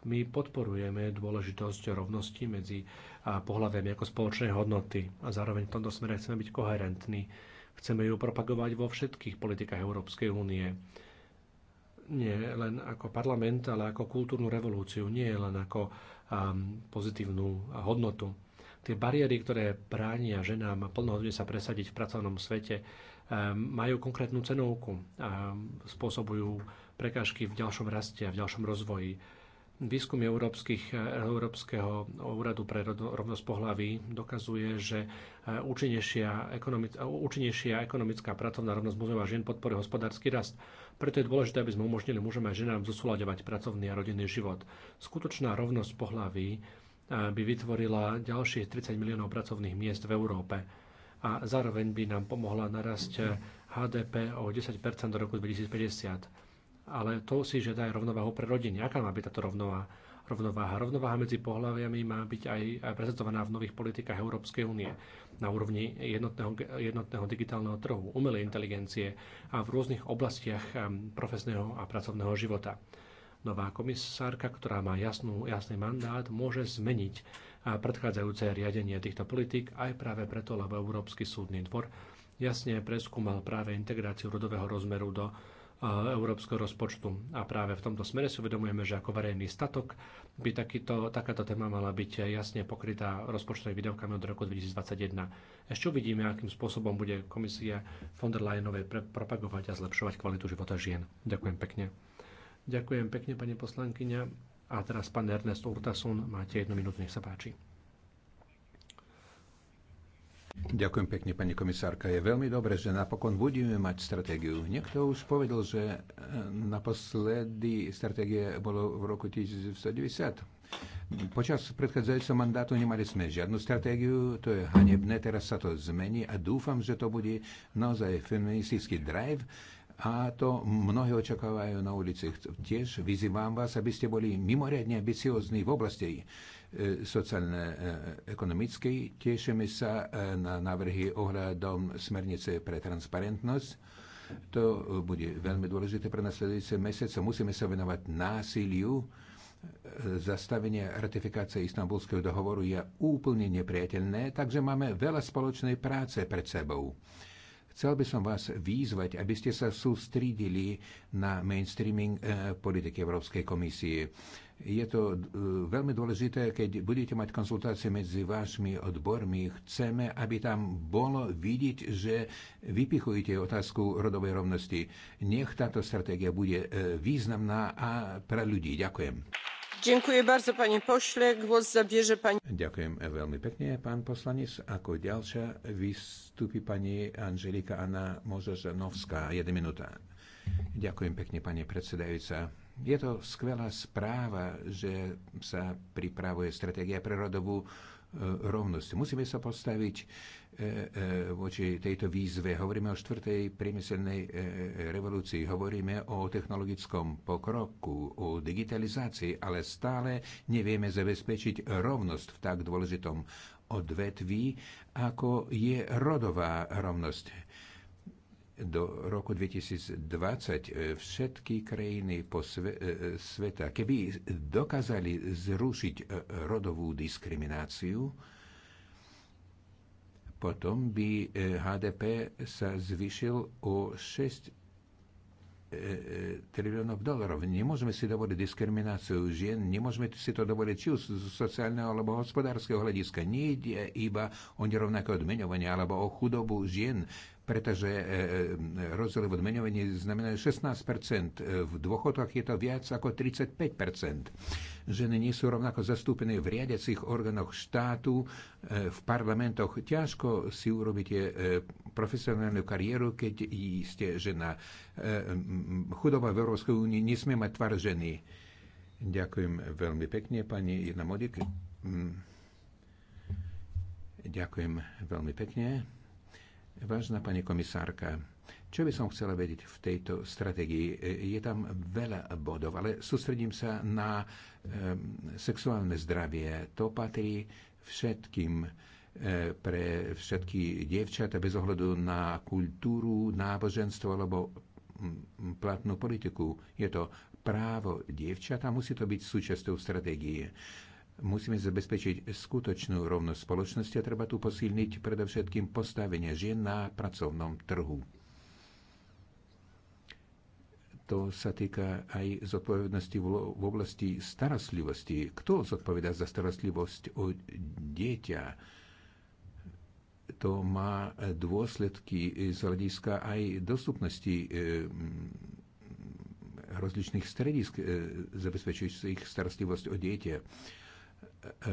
My podporujeme dôležitosť rovnosti medzi pohľadami ako spoločnej hodnoty a zároveň v tomto smere chceme byť koherentní. Chceme ju propagovať vo všetkých politikách Európskej únie. Nie len ako parlament, ale ako kultúrnu revolúciu, nie len ako pozitívnu hodnotu. Tie bariéry, ktoré bránia ženám plnohodne sa presadiť v pracovnom svete, Ehm, majú konkrétnu cenovku, spôsobujú prekážky v ďalšom raste a v ďalšom rozvoji. Výskum Európskych, Európskeho úradu pre rovnosť pohlaví dokazuje, že e, účinnejšia, ekonomic, účinnejšia ekonomická pracovná rovnosť mužov a žien podporuje hospodársky rast. Preto je dôležité, aby sme umožnili mužom a ženám zosúľadovať pracovný a rodinný život. Skutočná rovnosť pohlaví e, by vytvorila ďalších 30 miliónov pracovných miest v Európe a zároveň by nám pomohla narasť HDP eh, o 10 do roku 2050. Ale to si žiada aj rovnováhu pre rodiny. Aká má byť táto rovnováha? rovnováha. Rovnováha medzi pohľaviami má byť aj eh, prezentovaná v nových politikách Európskej únie na úrovni jednotného, jednotného digitálneho trhu, umelej inteligencie a v rôznych oblastiach eh, profesného a pracovného života. Nová komisárka, ktorá má jasnú, jasný mandát, môže zmeniť a predchádzajúce riadenie týchto politik, aj práve preto, lebo Európsky súdny dvor jasne preskúmal práve integráciu rodového rozmeru do e, európskeho rozpočtu. A práve v tomto smere si uvedomujeme, že ako verejný statok by takýto, takáto téma mala byť jasne pokrytá rozpočtovými výdavkami od roku 2021. Ešte uvidíme, akým spôsobom bude komisia von der Leyenovej propagovať a zlepšovať kvalitu života žien. Ďakujem pekne. Ďakujem pekne, pani poslankyňa. A teraz pán Ernest Urtasun, máte jednu minútu, nech sa páči. Ďakujem pekne, pani komisárka. Je veľmi dobré, že napokon budeme mať stratégiu. Niekto už povedal, že e, naposledy stratégie bolo v roku 1990. Počas predchádzajúceho mandátu nemali sme žiadnu stratégiu, to je hanebné, teraz sa to zmení a dúfam, že to bude naozaj feministický drive, a to mnohé očakávajú na ulici. Tiež vyzývam vás, aby ste boli mimoriadne ambiciozni v oblasti e, sociálne-ekonomickej. E, Tešíme sa e, na návrhy ohľadom smernice pre transparentnosť. To bude veľmi dôležité pre nasledujúce mesiace. Musíme sa venovať násiliu. Zastavenie ratifikácie istambulského dohovoru je úplne nepriateľné, takže máme veľa spoločnej práce pred sebou. Chcel by som vás výzvať, aby ste sa sústridili na mainstreaming eh, politiky Európskej komisie. Je to eh, veľmi dôležité, keď budete mať konzultácie medzi vašimi odbormi. Chceme, aby tam bolo vidieť, že vypichujete otázku rodovej rovnosti. Nech táto stratégia bude eh, významná a pre ľudí. Ďakujem. Ďakujem veľmi pekne, pán poslanec. Ako ďalšia vystúpi pani Angelika Anna Mozožanovská. Jedna minúta. Ďakujem pekne, pani predsedajúca. Je to skvelá správa, že sa pripravuje stratégia pre rodovú E, rovnosti. Musíme sa postaviť e, e, voči tejto výzve. Hovoríme o štvrtej priemyselnej revolúcii, hovoríme o technologickom pokroku, o digitalizácii, ale stále nevieme zabezpečiť rovnosť v tak dôležitom odvetví, ako je rodová rovnosť do roku 2020 e, všetky krajiny po sve, e, e, sveta, keby dokázali zrušiť rodovú diskrimináciu, potom by HDP sa zvyšil o 6 triliónov dolarov. Nemôžeme si dovoliť diskrimináciu žien, nemôžeme si to dovoliť či už z sociálneho alebo hospodárskeho hľadiska. Nie ide iba o nerovnaké odmeňovanie alebo o chudobu žien pretože e, e, rozdiel v odmenovaní znamená 16%, e, v dôchodkoch je to viac ako 35%. Ženy nie sú rovnako zastúpené v riadiacich orgánoch štátu, v parlamentoch. Ťažko si urobíte profesionálnu kariéru, keď ste žena. Chudoba v Európskej únii nesmie mať tvar ženy. Ďakujem veľmi pekne, pani Jedna Modik. Mm. Ďakujem veľmi pekne. Vážna pani komisárka, čo by som chcela vedieť v tejto strategii? Je tam veľa bodov, ale sústredím sa na ehm, sexuálne zdravie. To patrí všetkým e, pre všetky dievčatá bez ohľadu na kultúru, náboženstvo alebo platnú politiku. Je to právo dievčatá, musí to byť súčasťou stratégie. Musíme zabezpečiť skutočnú rovnosť spoločnosti a treba tu posilniť predovšetkým postavenie žien na pracovnom trhu. To sa týka aj zodpovednosti v oblasti starostlivosti. Kto zodpovedá za starostlivosť o dieťa? To má dôsledky z hľadiska aj dostupnosti eh, rozličných stredisk eh, zabezpečujúcich starostlivosť o dieťa E, e,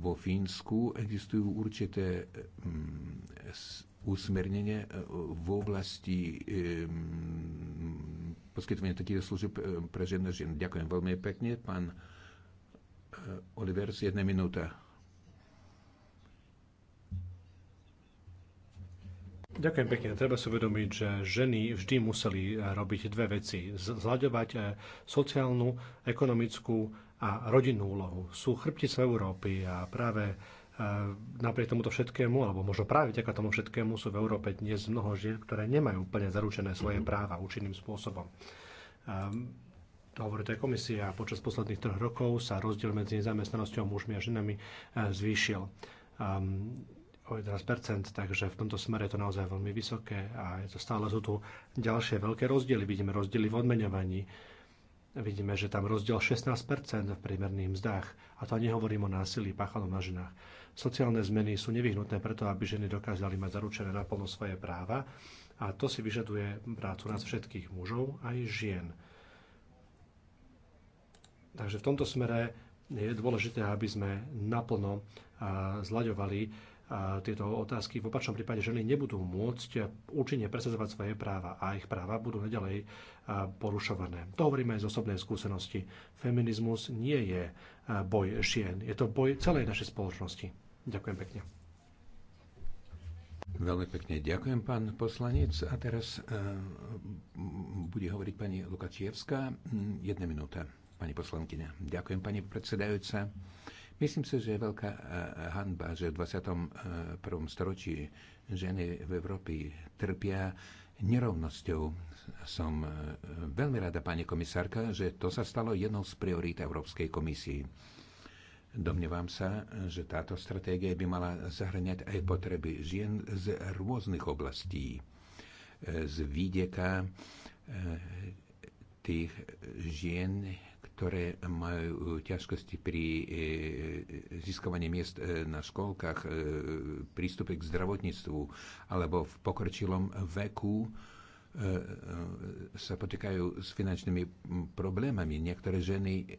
vo Fínsku existujú určité mm, usmernenie e, v oblasti poskytovania takých služieb pre ženy žien. Ďakujem veľmi pekne. Pán Oliver, jedna minúta. Ďakujem pekne. Treba si uvedomiť, že ženy vždy museli robiť dve veci. Zľaďovať sociálnu, ekonomickú a rodinnú úlohu. Sú chrbtice Európy a práve e, napriek tomuto všetkému, alebo možno práve vďaka tomu všetkému, sú v Európe dnes mnoho žien, ktoré nemajú úplne zaručené svoje mm-hmm. práva účinným spôsobom. Um, To hovorí to aj komisia. Počas posledných troch rokov sa rozdiel medzi nezamestnanosťou mužmi a ženami e, zvýšil um, o 11%, takže v tomto smere je to naozaj veľmi vysoké a je to stále sú tu ďalšie veľké rozdiely. Vidíme rozdiely v odmeňovaní, Vidíme, že tam rozdiel 16 v priemerných mzdách. A to nehovorím o násilí páchanom na ženách. Sociálne zmeny sú nevyhnutné preto, aby ženy dokázali mať zaručené naplno svoje práva a to si vyžaduje prácu nás všetkých mužov aj žien. Takže v tomto smere je dôležité, aby sme naplno zlaďovali tieto otázky. V opačnom prípade ženy nebudú môcť účinne presadzovať svoje práva a ich práva budú ďalej porušované. To hovoríme aj z osobnej skúsenosti. Feminizmus nie je boj žien, je to boj celej našej spoločnosti. Ďakujem pekne. Veľmi pekne ďakujem, pán poslanec. A teraz uh, bude hovoriť pani Lukačievská. Jedna minúta, pani poslankyňa. Ďakujem, pani predsedajúca. Myslím si, že je veľká eh, hanba, že v 21. Eh, storočí ženy v Európe trpia nerovnosťou. Som eh, veľmi rada, pani komisárka, že to sa stalo jednou z priorít Európskej komisii. Domnievam sa, že táto stratégia by mala zahrňať aj potreby žien z rôznych oblastí. Z výdeka tých žien, ktoré majú e, ťažkosti pri e, e, získavaní miest na školkách, prístupe k zdravotníctvu alebo v pokročilom veku sa potýkajú s finančnými problémami. Niektoré ženy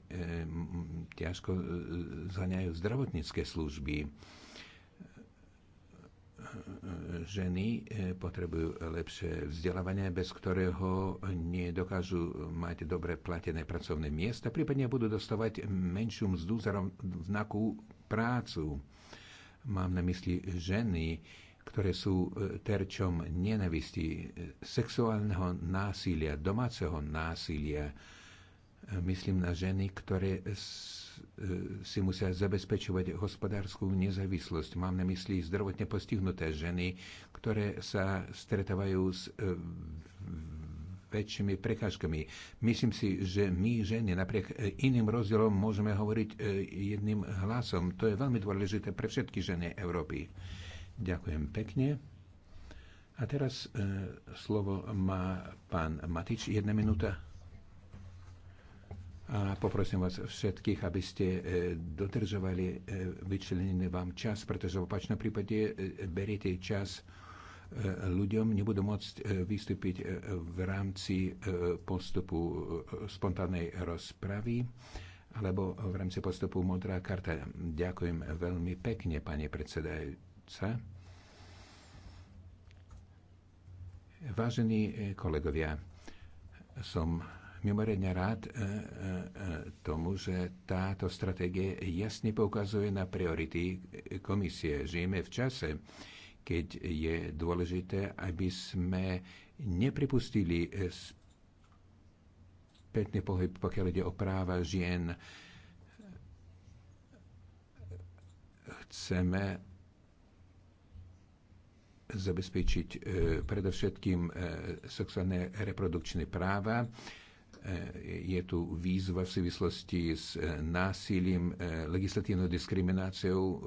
ťažko zaňajú zdravotnícke služby ženy e, potrebujú lepšie vzdelávanie, bez ktorého nedokážu mať dobre platené pracovné miesta, prípadne budú dostávať menšiu mzdu za rovnakú prácu. Mám na mysli ženy, ktoré sú e, terčom nenavisti, e, sexuálneho násilia, domáceho násilia. Myslím na ženy, ktoré E, si musia zabezpečovať hospodárskú nezávislosť. Mám na mysli zdravotne postihnuté ženy, ktoré sa stretávajú s e, väčšími prekážkami. Myslím si, že my ženy napriek e, iným rozdielom môžeme hovoriť jedným hlasom. To je veľmi dôležité pre všetky ženy Európy. Ďakujem pekne. A teraz e, slovo má pán Matič. Jedna minúta a poprosím vás všetkých, aby ste e, dodržovali e, vyčlenený vám čas, pretože v opačnom prípade e, beriete čas ľuďom, nebudú môcť vystúpiť v rámci postupu spontánnej rozpravy alebo v rámci postupu modrá karta. Ďakujem veľmi pekne, pani predsedajúca. Vážení kolegovia, som mimoriadne rád e, e, e, tomu, že táto stratégia jasne poukazuje na priority komisie. Žijeme v čase, keď je dôležité, aby sme nepripustili spätný pohyb, pokiaľ ide o práva žien. Chceme zabezpečiť predovšetkým sexuálne reprodukčné práva, je tu výzva v súvislosti s eh, násilím, eh, legislatívnou diskrimináciou, eh,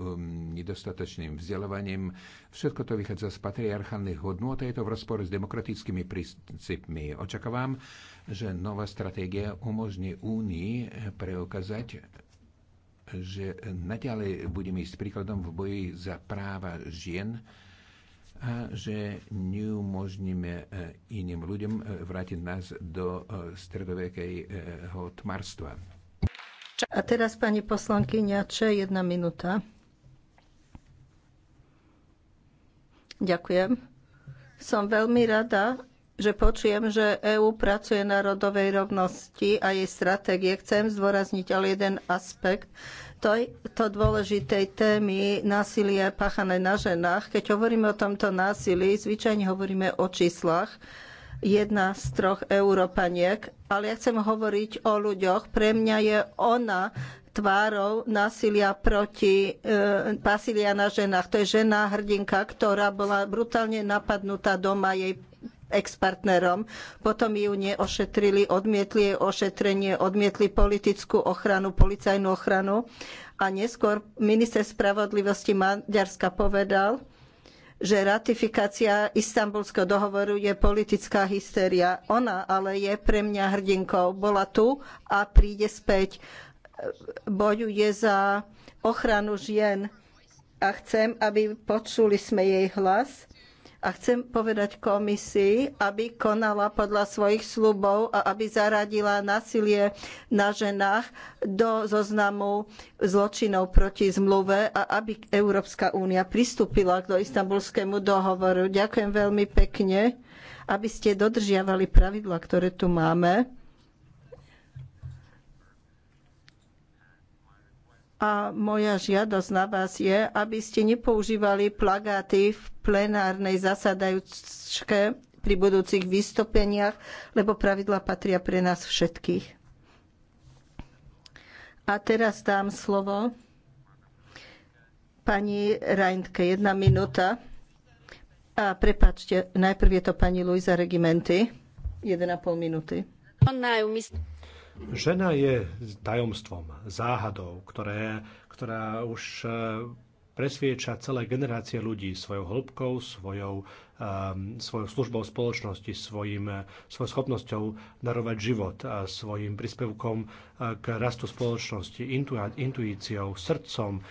nedostatočným vzdelávaním. Všetko to vychádza z patriarchálnych hodnôt a je to v rozpore s demokratickými princípmi. Očakávam, že nová stratégia umožní Únii preukázať, že naďalej budeme ísť príkladom v boji za práva žien, a že neumožníme e, iným ľuďom e, vrátiť nás do e, stredovekého tmarstva. A teraz pani poslankyňa je jedna minúta. Ďakujem. Som veľmi rada, že počujem, že EÚ pracuje na rodovej rovnosti a jej stratégie. Chcem zdôrazniť ale jeden aspekt tejto dôležitej témy násilie páchané na ženách. Keď hovoríme o tomto násilí, zvyčajne hovoríme o číslach. Jedna z troch Európaniek, ale ja chcem hovoriť o ľuďoch. Pre mňa je ona tvárou násilia proti e, násilia na ženách. To je žena hrdinka, ktorá bola brutálne napadnutá doma. Jej ex-partnerom, potom ju neošetrili, odmietli jej ošetrenie, odmietli politickú ochranu, policajnú ochranu a neskôr minister spravodlivosti Maďarska povedal, že ratifikácia Istanbulského dohovoru je politická hystéria. Ona ale je pre mňa hrdinkou. Bola tu a príde späť. Bojuje za ochranu žien a chcem, aby počuli sme jej hlas a chcem povedať komisii, aby konala podľa svojich slubov a aby zaradila násilie na ženách do zoznamu zločinov proti zmluve a aby Európska únia pristúpila k istambulskému dohovoru. Ďakujem veľmi pekne, aby ste dodržiavali pravidlá, ktoré tu máme. A moja žiadosť na vás je, aby ste nepoužívali plagáty v plenárnej zasadajúčke pri budúcich vystúpeniach, lebo pravidla patria pre nás všetkých. A teraz dám slovo pani Reintke. Jedna minúta. A prepačte, najprv je to pani Luisa Regimenty. 1,5 minúty. Žena je tajomstvom, záhadou, ktoré, ktorá už eh, presvieča celé generácie ľudí svojou hĺbkou, svojou, um, svojou službou spoločnosti, svojim, eh, svojou schopnosťou darovať život, a svojim príspevkom eh, k rastu spoločnosti, intu, intuíciou, srdcom,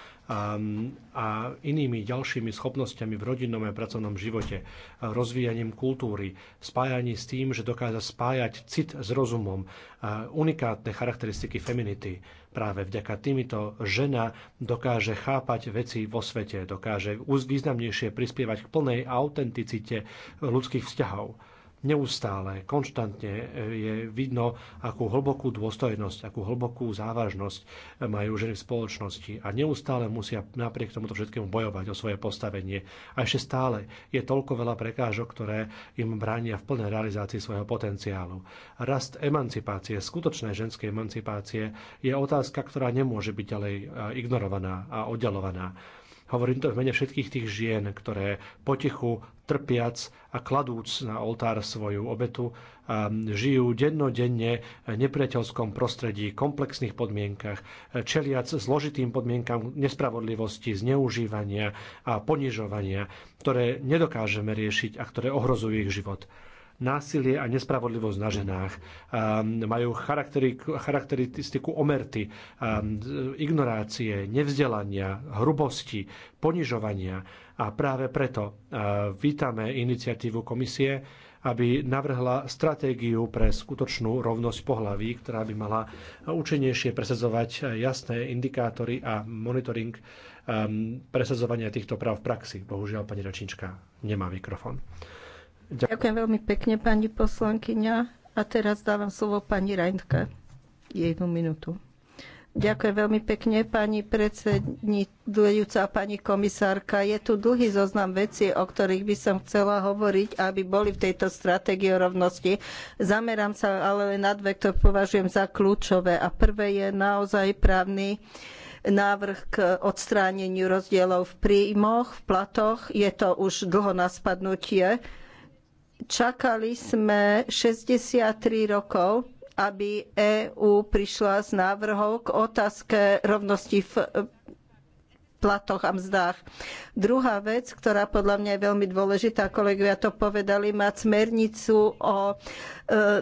a inými ďalšími schopnosťami v rodinnom a pracovnom živote, rozvíjaním kultúry, spájaním s tým, že dokáže spájať cit s rozumom, unikátne charakteristiky feminity. Práve vďaka týmito žena dokáže chápať veci vo svete, dokáže významnejšie prispievať k plnej autenticite ľudských vzťahov neustále, konštantne e, je vidno, akú hlbokú dôstojnosť, akú hlbokú závažnosť e, majú ženy v spoločnosti a neustále musia napriek tomuto všetkému bojovať o svoje postavenie. A ešte stále je toľko veľa prekážok, ktoré im bránia v plnej realizácii svojho potenciálu. Rast emancipácie, skutočné ženskej emancipácie je otázka, ktorá nemôže byť ďalej e, ignorovaná a oddelovaná Hovorím to v mene všetkých tých žien, ktoré potichu, trpiac a kladúc na oltár svoju obetu, ehm, žijú dennodenne v nepriateľskom prostredí, komplexných podmienkach, čeliac zložitým podmienkam nespravodlivosti, zneužívania a ponižovania, ktoré nedokážeme riešiť a ktoré ohrozujú ich život násilie a nespravodlivosť na ženách. Majú charakteristiku omerty, ignorácie, nevzdelania, hrubosti, ponižovania. A práve preto vítame iniciatívu komisie, aby navrhla stratégiu pre skutočnú rovnosť pohlaví, ktorá by mala účinnejšie presadzovať jasné indikátory a monitoring presadzovania týchto práv v praxi. Bohužiaľ, pani Račnička nemá mikrofón. Ďakujem. veľmi pekne, pani poslankyňa. A teraz dávam slovo pani Reintke. Jednu minútu. Ďakujem veľmi pekne, pani predsedníca, pani komisárka. Je tu dlhý zoznam vecí, o ktorých by som chcela hovoriť, aby boli v tejto stratégii o rovnosti. Zamerám sa ale len na dve, ktoré považujem za kľúčové. A prvé je naozaj právny návrh k odstráneniu rozdielov v príjmoch, v platoch. Je to už dlho na spadnutie Čakali sme 63 rokov, aby EÚ prišla s návrhov k otázke rovnosti v platoch a mzdách. Druhá vec, ktorá podľa mňa je veľmi dôležitá, kolegovia to povedali, mať smernicu o e,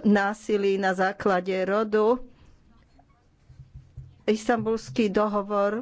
násilí na základe rodu. Istanbulský dohovor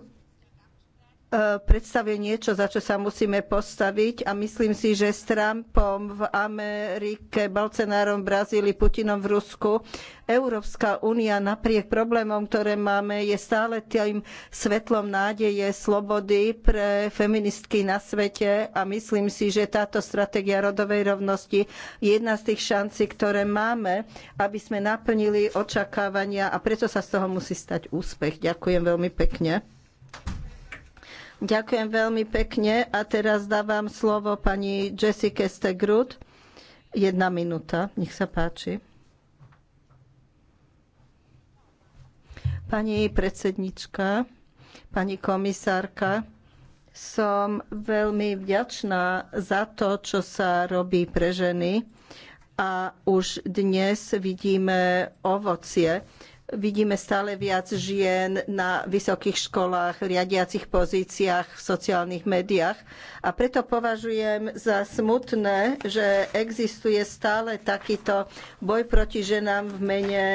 Eh, predstavuje niečo, za čo sa musíme postaviť a myslím si, že s Trumpom v Amerike, Bolsonárom v Brazílii, Putinom v Rusku, Európska únia napriek problémom, ktoré máme, je stále tým svetlom nádeje, slobody pre feministky na svete a myslím si, že táto stratégia rodovej rovnosti je jedna z tých šancí, ktoré máme, aby sme naplnili očakávania a preto sa z toho musí stať úspech. Ďakujem veľmi pekne. Ďakujem veľmi pekne a teraz dávam slovo pani Jessica Stegrud. Jedna minúta, nech sa páči. Pani predsednička, pani komisárka, som veľmi vďačná za to, čo sa robí pre ženy a už dnes vidíme ovocie Vidíme stále viac žien na vysokých školách, riadiacich pozíciách, v sociálnych médiách. A preto považujem za smutné, že existuje stále takýto boj proti ženám v mene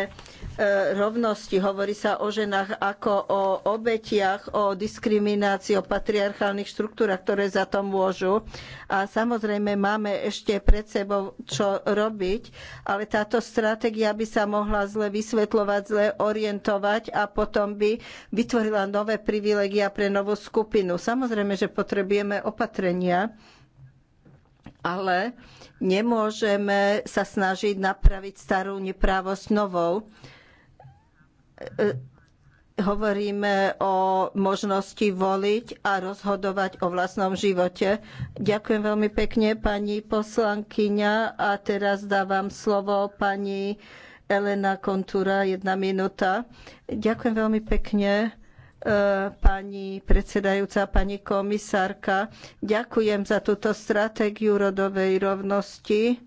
E, rovnosti, hovorí sa o ženách ako o obetiach, o diskriminácii, o patriarchálnych štruktúrach, ktoré za to môžu. A samozrejme máme ešte pred sebou čo robiť, ale táto stratégia by sa mohla zle vysvetľovať, zle orientovať a potom by vytvorila nové privilegia pre novú skupinu. Samozrejme, že potrebujeme opatrenia, ale nemôžeme sa snažiť napraviť starú neprávosť novou E, e, hovoríme o možnosti voliť a rozhodovať o vlastnom živote. Ďakujem veľmi pekne, pani poslankyňa. A teraz dávam slovo pani Elena Kontúra, jedna minúta. Ďakujem veľmi pekne e, pani predsedajúca, pani komisárka. Ďakujem za túto stratégiu rodovej rovnosti.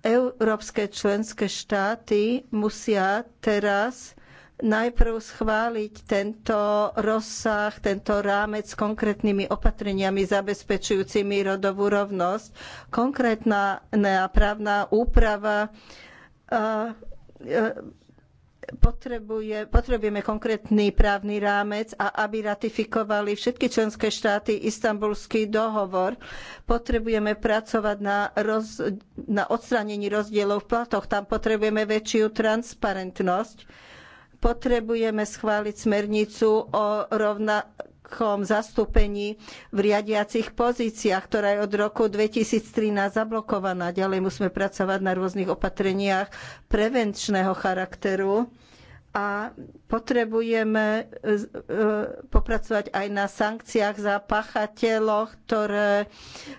Európske členské štáty musia teraz najprv schváliť tento rozsah, tento rámec s konkrétnymi opatreniami zabezpečujúcimi rodovú rovnosť. Konkrétna právna úprava e, Potrebuje, potrebujeme konkrétny právny rámec a aby ratifikovali všetky členské štáty Istanbulský dohovor, potrebujeme pracovať na, roz, na odstránení rozdielov v platoch. Tam potrebujeme väčšiu transparentnosť potrebujeme schváliť smernicu o rovnakom zastúpení v riadiacich pozíciách, ktorá je od roku 2013 zablokovaná. Ďalej musíme pracovať na rôznych opatreniach prevenčného charakteru a potrebujeme e, e, popracovať aj na sankciách za pachateľov, ktoré,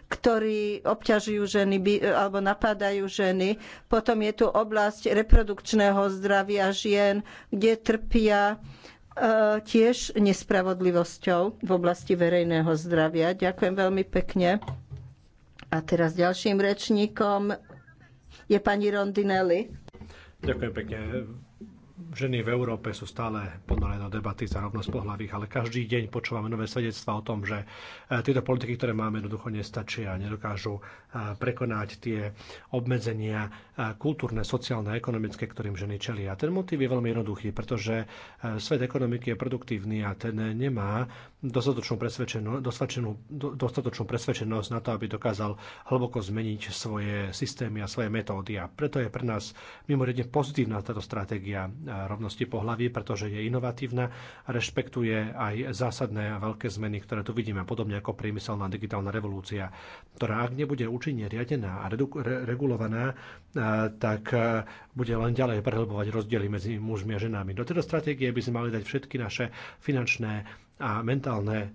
ktorí obťažujú ženy e, alebo napadajú ženy. Potom je tu oblasť reprodukčného zdravia žien, kde trpia tiež nespravodlivosťou v oblasti verejného zdravia. Ďakujem veľmi pekne. A teraz ďalším rečníkom je pani Rondinelli. Ďakujem pekne ženy v Európe sú stále ponorené do debaty za rovnosť pohľavých, ale každý deň počúvame nové svedectvá o tom, že e, tieto politiky, ktoré máme, jednoducho nestačia a nedokážu e, prekonať tie obmedzenia e, kultúrne, sociálne, ekonomické, ktorým ženy čelia. A ten motív je veľmi jednoduchý, pretože svet ekonomiky je produktívny a ten nemá dostatočnú, presvedčenú, dostatočnú presvedčenosť na to, aby dokázal hlboko zmeniť svoje systémy a svoje metódy. A preto je pre nás mimoriadne pozitívna táto stratégia rovnosti pohlaví, pretože je inovatívna, rešpektuje aj zásadné a veľké zmeny, ktoré tu vidíme, podobne ako priemyselná digitálna revolúcia, ktorá ak nebude účinne riadená a regulovaná, tak bude len ďalej prehlbovať rozdiely medzi mužmi a ženami. Do tejto stratégie by sme mali dať všetky naše finančné a mentálne e,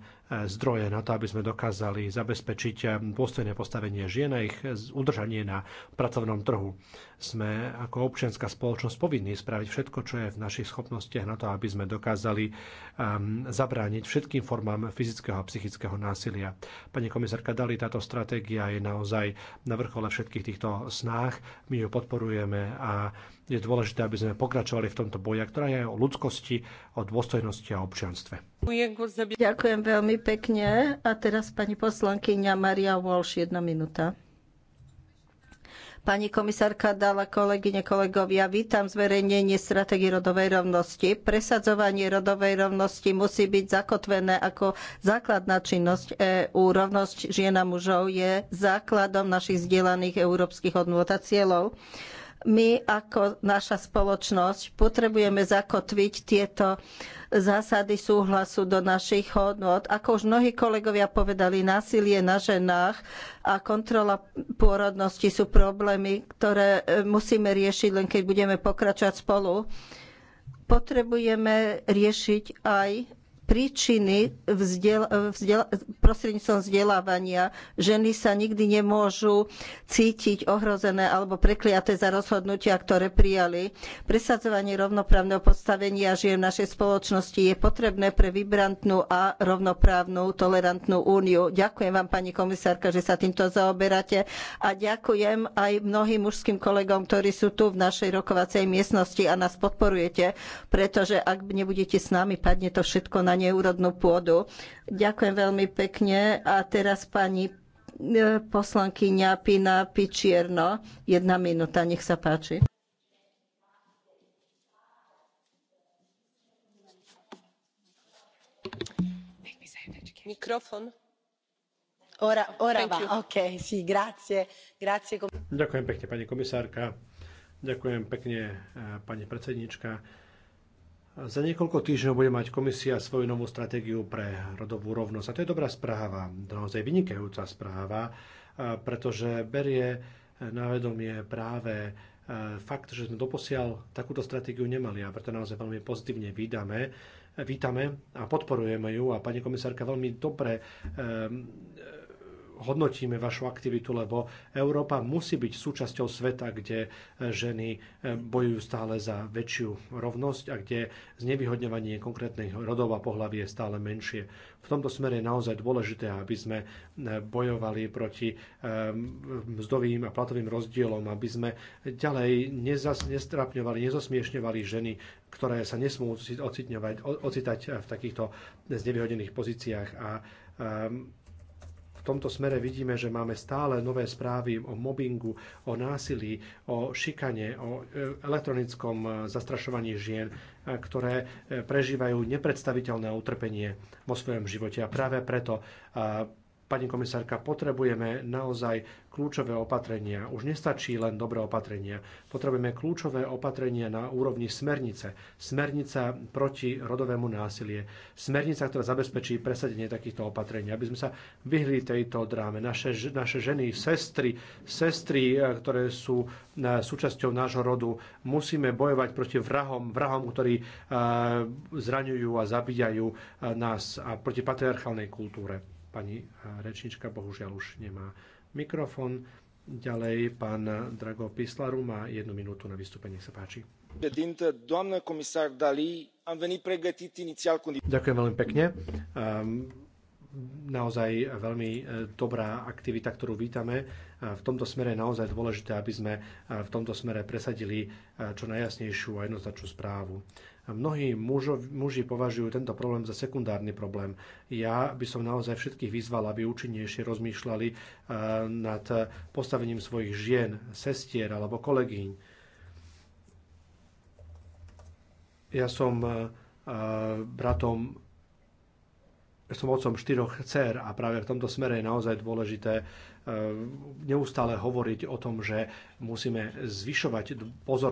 zdroje na to, aby sme dokázali zabezpečiť e, dôstojné postavenie žien a ich udržanie na pracovnom trhu sme ako občianská spoločnosť povinní spraviť všetko, čo je v našich schopnostiach na to, aby sme dokázali um, zabrániť všetkým formám fyzického a psychického násilia. Pani komisárka Dali, táto stratégia je naozaj na vrchole všetkých týchto snách. My ju podporujeme a je dôležité, aby sme pokračovali v tomto boji, ktorá je o ľudskosti, o dôstojnosti a občianstve. Ďakujem veľmi pekne. A teraz pani poslankyňa Maria Walsh, jedna minúta. Pani komisárka dala kolegyne, kolegovia, vítam zverejnenie stratégie rodovej rovnosti. Presadzovanie rodovej rovnosti musí byť zakotvené ako základná činnosť EÚ. Rovnosť žien a mužov je základom našich zdieľaných európskych hodnôt a cieľov my ako naša spoločnosť potrebujeme zakotviť tieto zásady súhlasu do našich hodnot. Ako už mnohí kolegovia povedali, násilie na ženách a kontrola pôrodnosti sú problémy, ktoré e, musíme riešiť, len keď budeme pokračovať spolu. Potrebujeme riešiť aj príčiny vzdiel, vzdiel, prostredníctvom vzdelávania. Ženy sa nikdy nemôžu cítiť ohrozené alebo prekliaté za rozhodnutia, ktoré prijali. Presadzovanie rovnoprávneho postavenia žien v našej spoločnosti je potrebné pre vibrantnú a rovnoprávnu tolerantnú úniu. Ďakujem vám, pani komisárka, že sa týmto zaoberáte a ďakujem aj mnohým mužským kolegom, ktorí sú tu v našej rokovacej miestnosti a nás podporujete, pretože ak nebudete s nami, padne to všetko na neúrodnú pôdu. Ďakujem veľmi pekne a teraz pani e, poslankyňa Pina Pičierno. Jedna minúta, nech sa páči. Mikrofon. Ora, orava, OK, sí, grazie, grazie. Ďakujem pekne, pani komisárka. Ďakujem pekne, e, pani predsednička. Za niekoľko týždňov bude mať komisia svoju novú stratégiu pre rodovú rovnosť. A to je dobrá správa, naozaj vynikajúca správa, pretože berie na vedomie práve fakt, že sme doposiaľ takúto stratégiu nemali a preto naozaj veľmi pozitívne vítame, vítame a podporujeme ju a pani komisárka veľmi dobre hodnotíme vašu aktivitu, lebo Európa musí byť súčasťou sveta, kde eh, ženy eh, bojujú stále za väčšiu rovnosť a kde znevýhodňovanie konkrétnych rodov a pohľavy je stále menšie. V tomto smere je naozaj dôležité, aby sme eh, bojovali proti mzdovým a platovým rozdielom, aby sme ďalej nezas, nestrapňovali, nezosmiešňovali ženy, ktoré sa nesmú ocitať v takýchto znevýhodnených pozíciách a tomto smere vidíme, že máme stále nové správy o mobbingu, o násilí, o šikane, o e, elektronickom e, zastrašovaní žien, e, ktoré prežívajú nepredstaviteľné utrpenie vo svojom živote. A práve preto pani komisárka, potrebujeme naozaj kľúčové opatrenia. Už nestačí len dobré opatrenia. Potrebujeme kľúčové opatrenia na úrovni smernice. Smernica proti rodovému násilie. Smernica, ktorá zabezpečí presadenie takýchto opatrení, aby sme sa vyhli tejto dráme. Naše, naše ženy, sestry, sestry, e, ktoré sú e, súčasťou nášho rodu, musíme bojovať proti vrahom, vrahom, ktorí e, zraňujú a zabíjajú nás a proti patriarchálnej kultúre. Pani rečnička bohužiaľ už nemá mikrofón. Ďalej pán Drago Pislaru má jednu minútu na vystúpenie. sa páči. Ďakujem veľmi pekne. Ehm, naozaj veľmi e, dobrá aktivita, ktorú vítame. E, v tomto smere je naozaj dôležité, aby sme e, v tomto smere presadili čo najjasnejšiu a jednoznačnú správu. Mnohí mužo, muži považujú tento problém za sekundárny problém. Ja by som naozaj všetkých vyzval, aby účinnejšie rozmýšľali eh, nad eh, postavením svojich žien, sestier alebo kolegyň. Ja som eh, bratom som otcom štyroch dcer a práve v tomto smere je naozaj dôležité neustále hovoriť o tom, že musíme zvyšovať pozornosť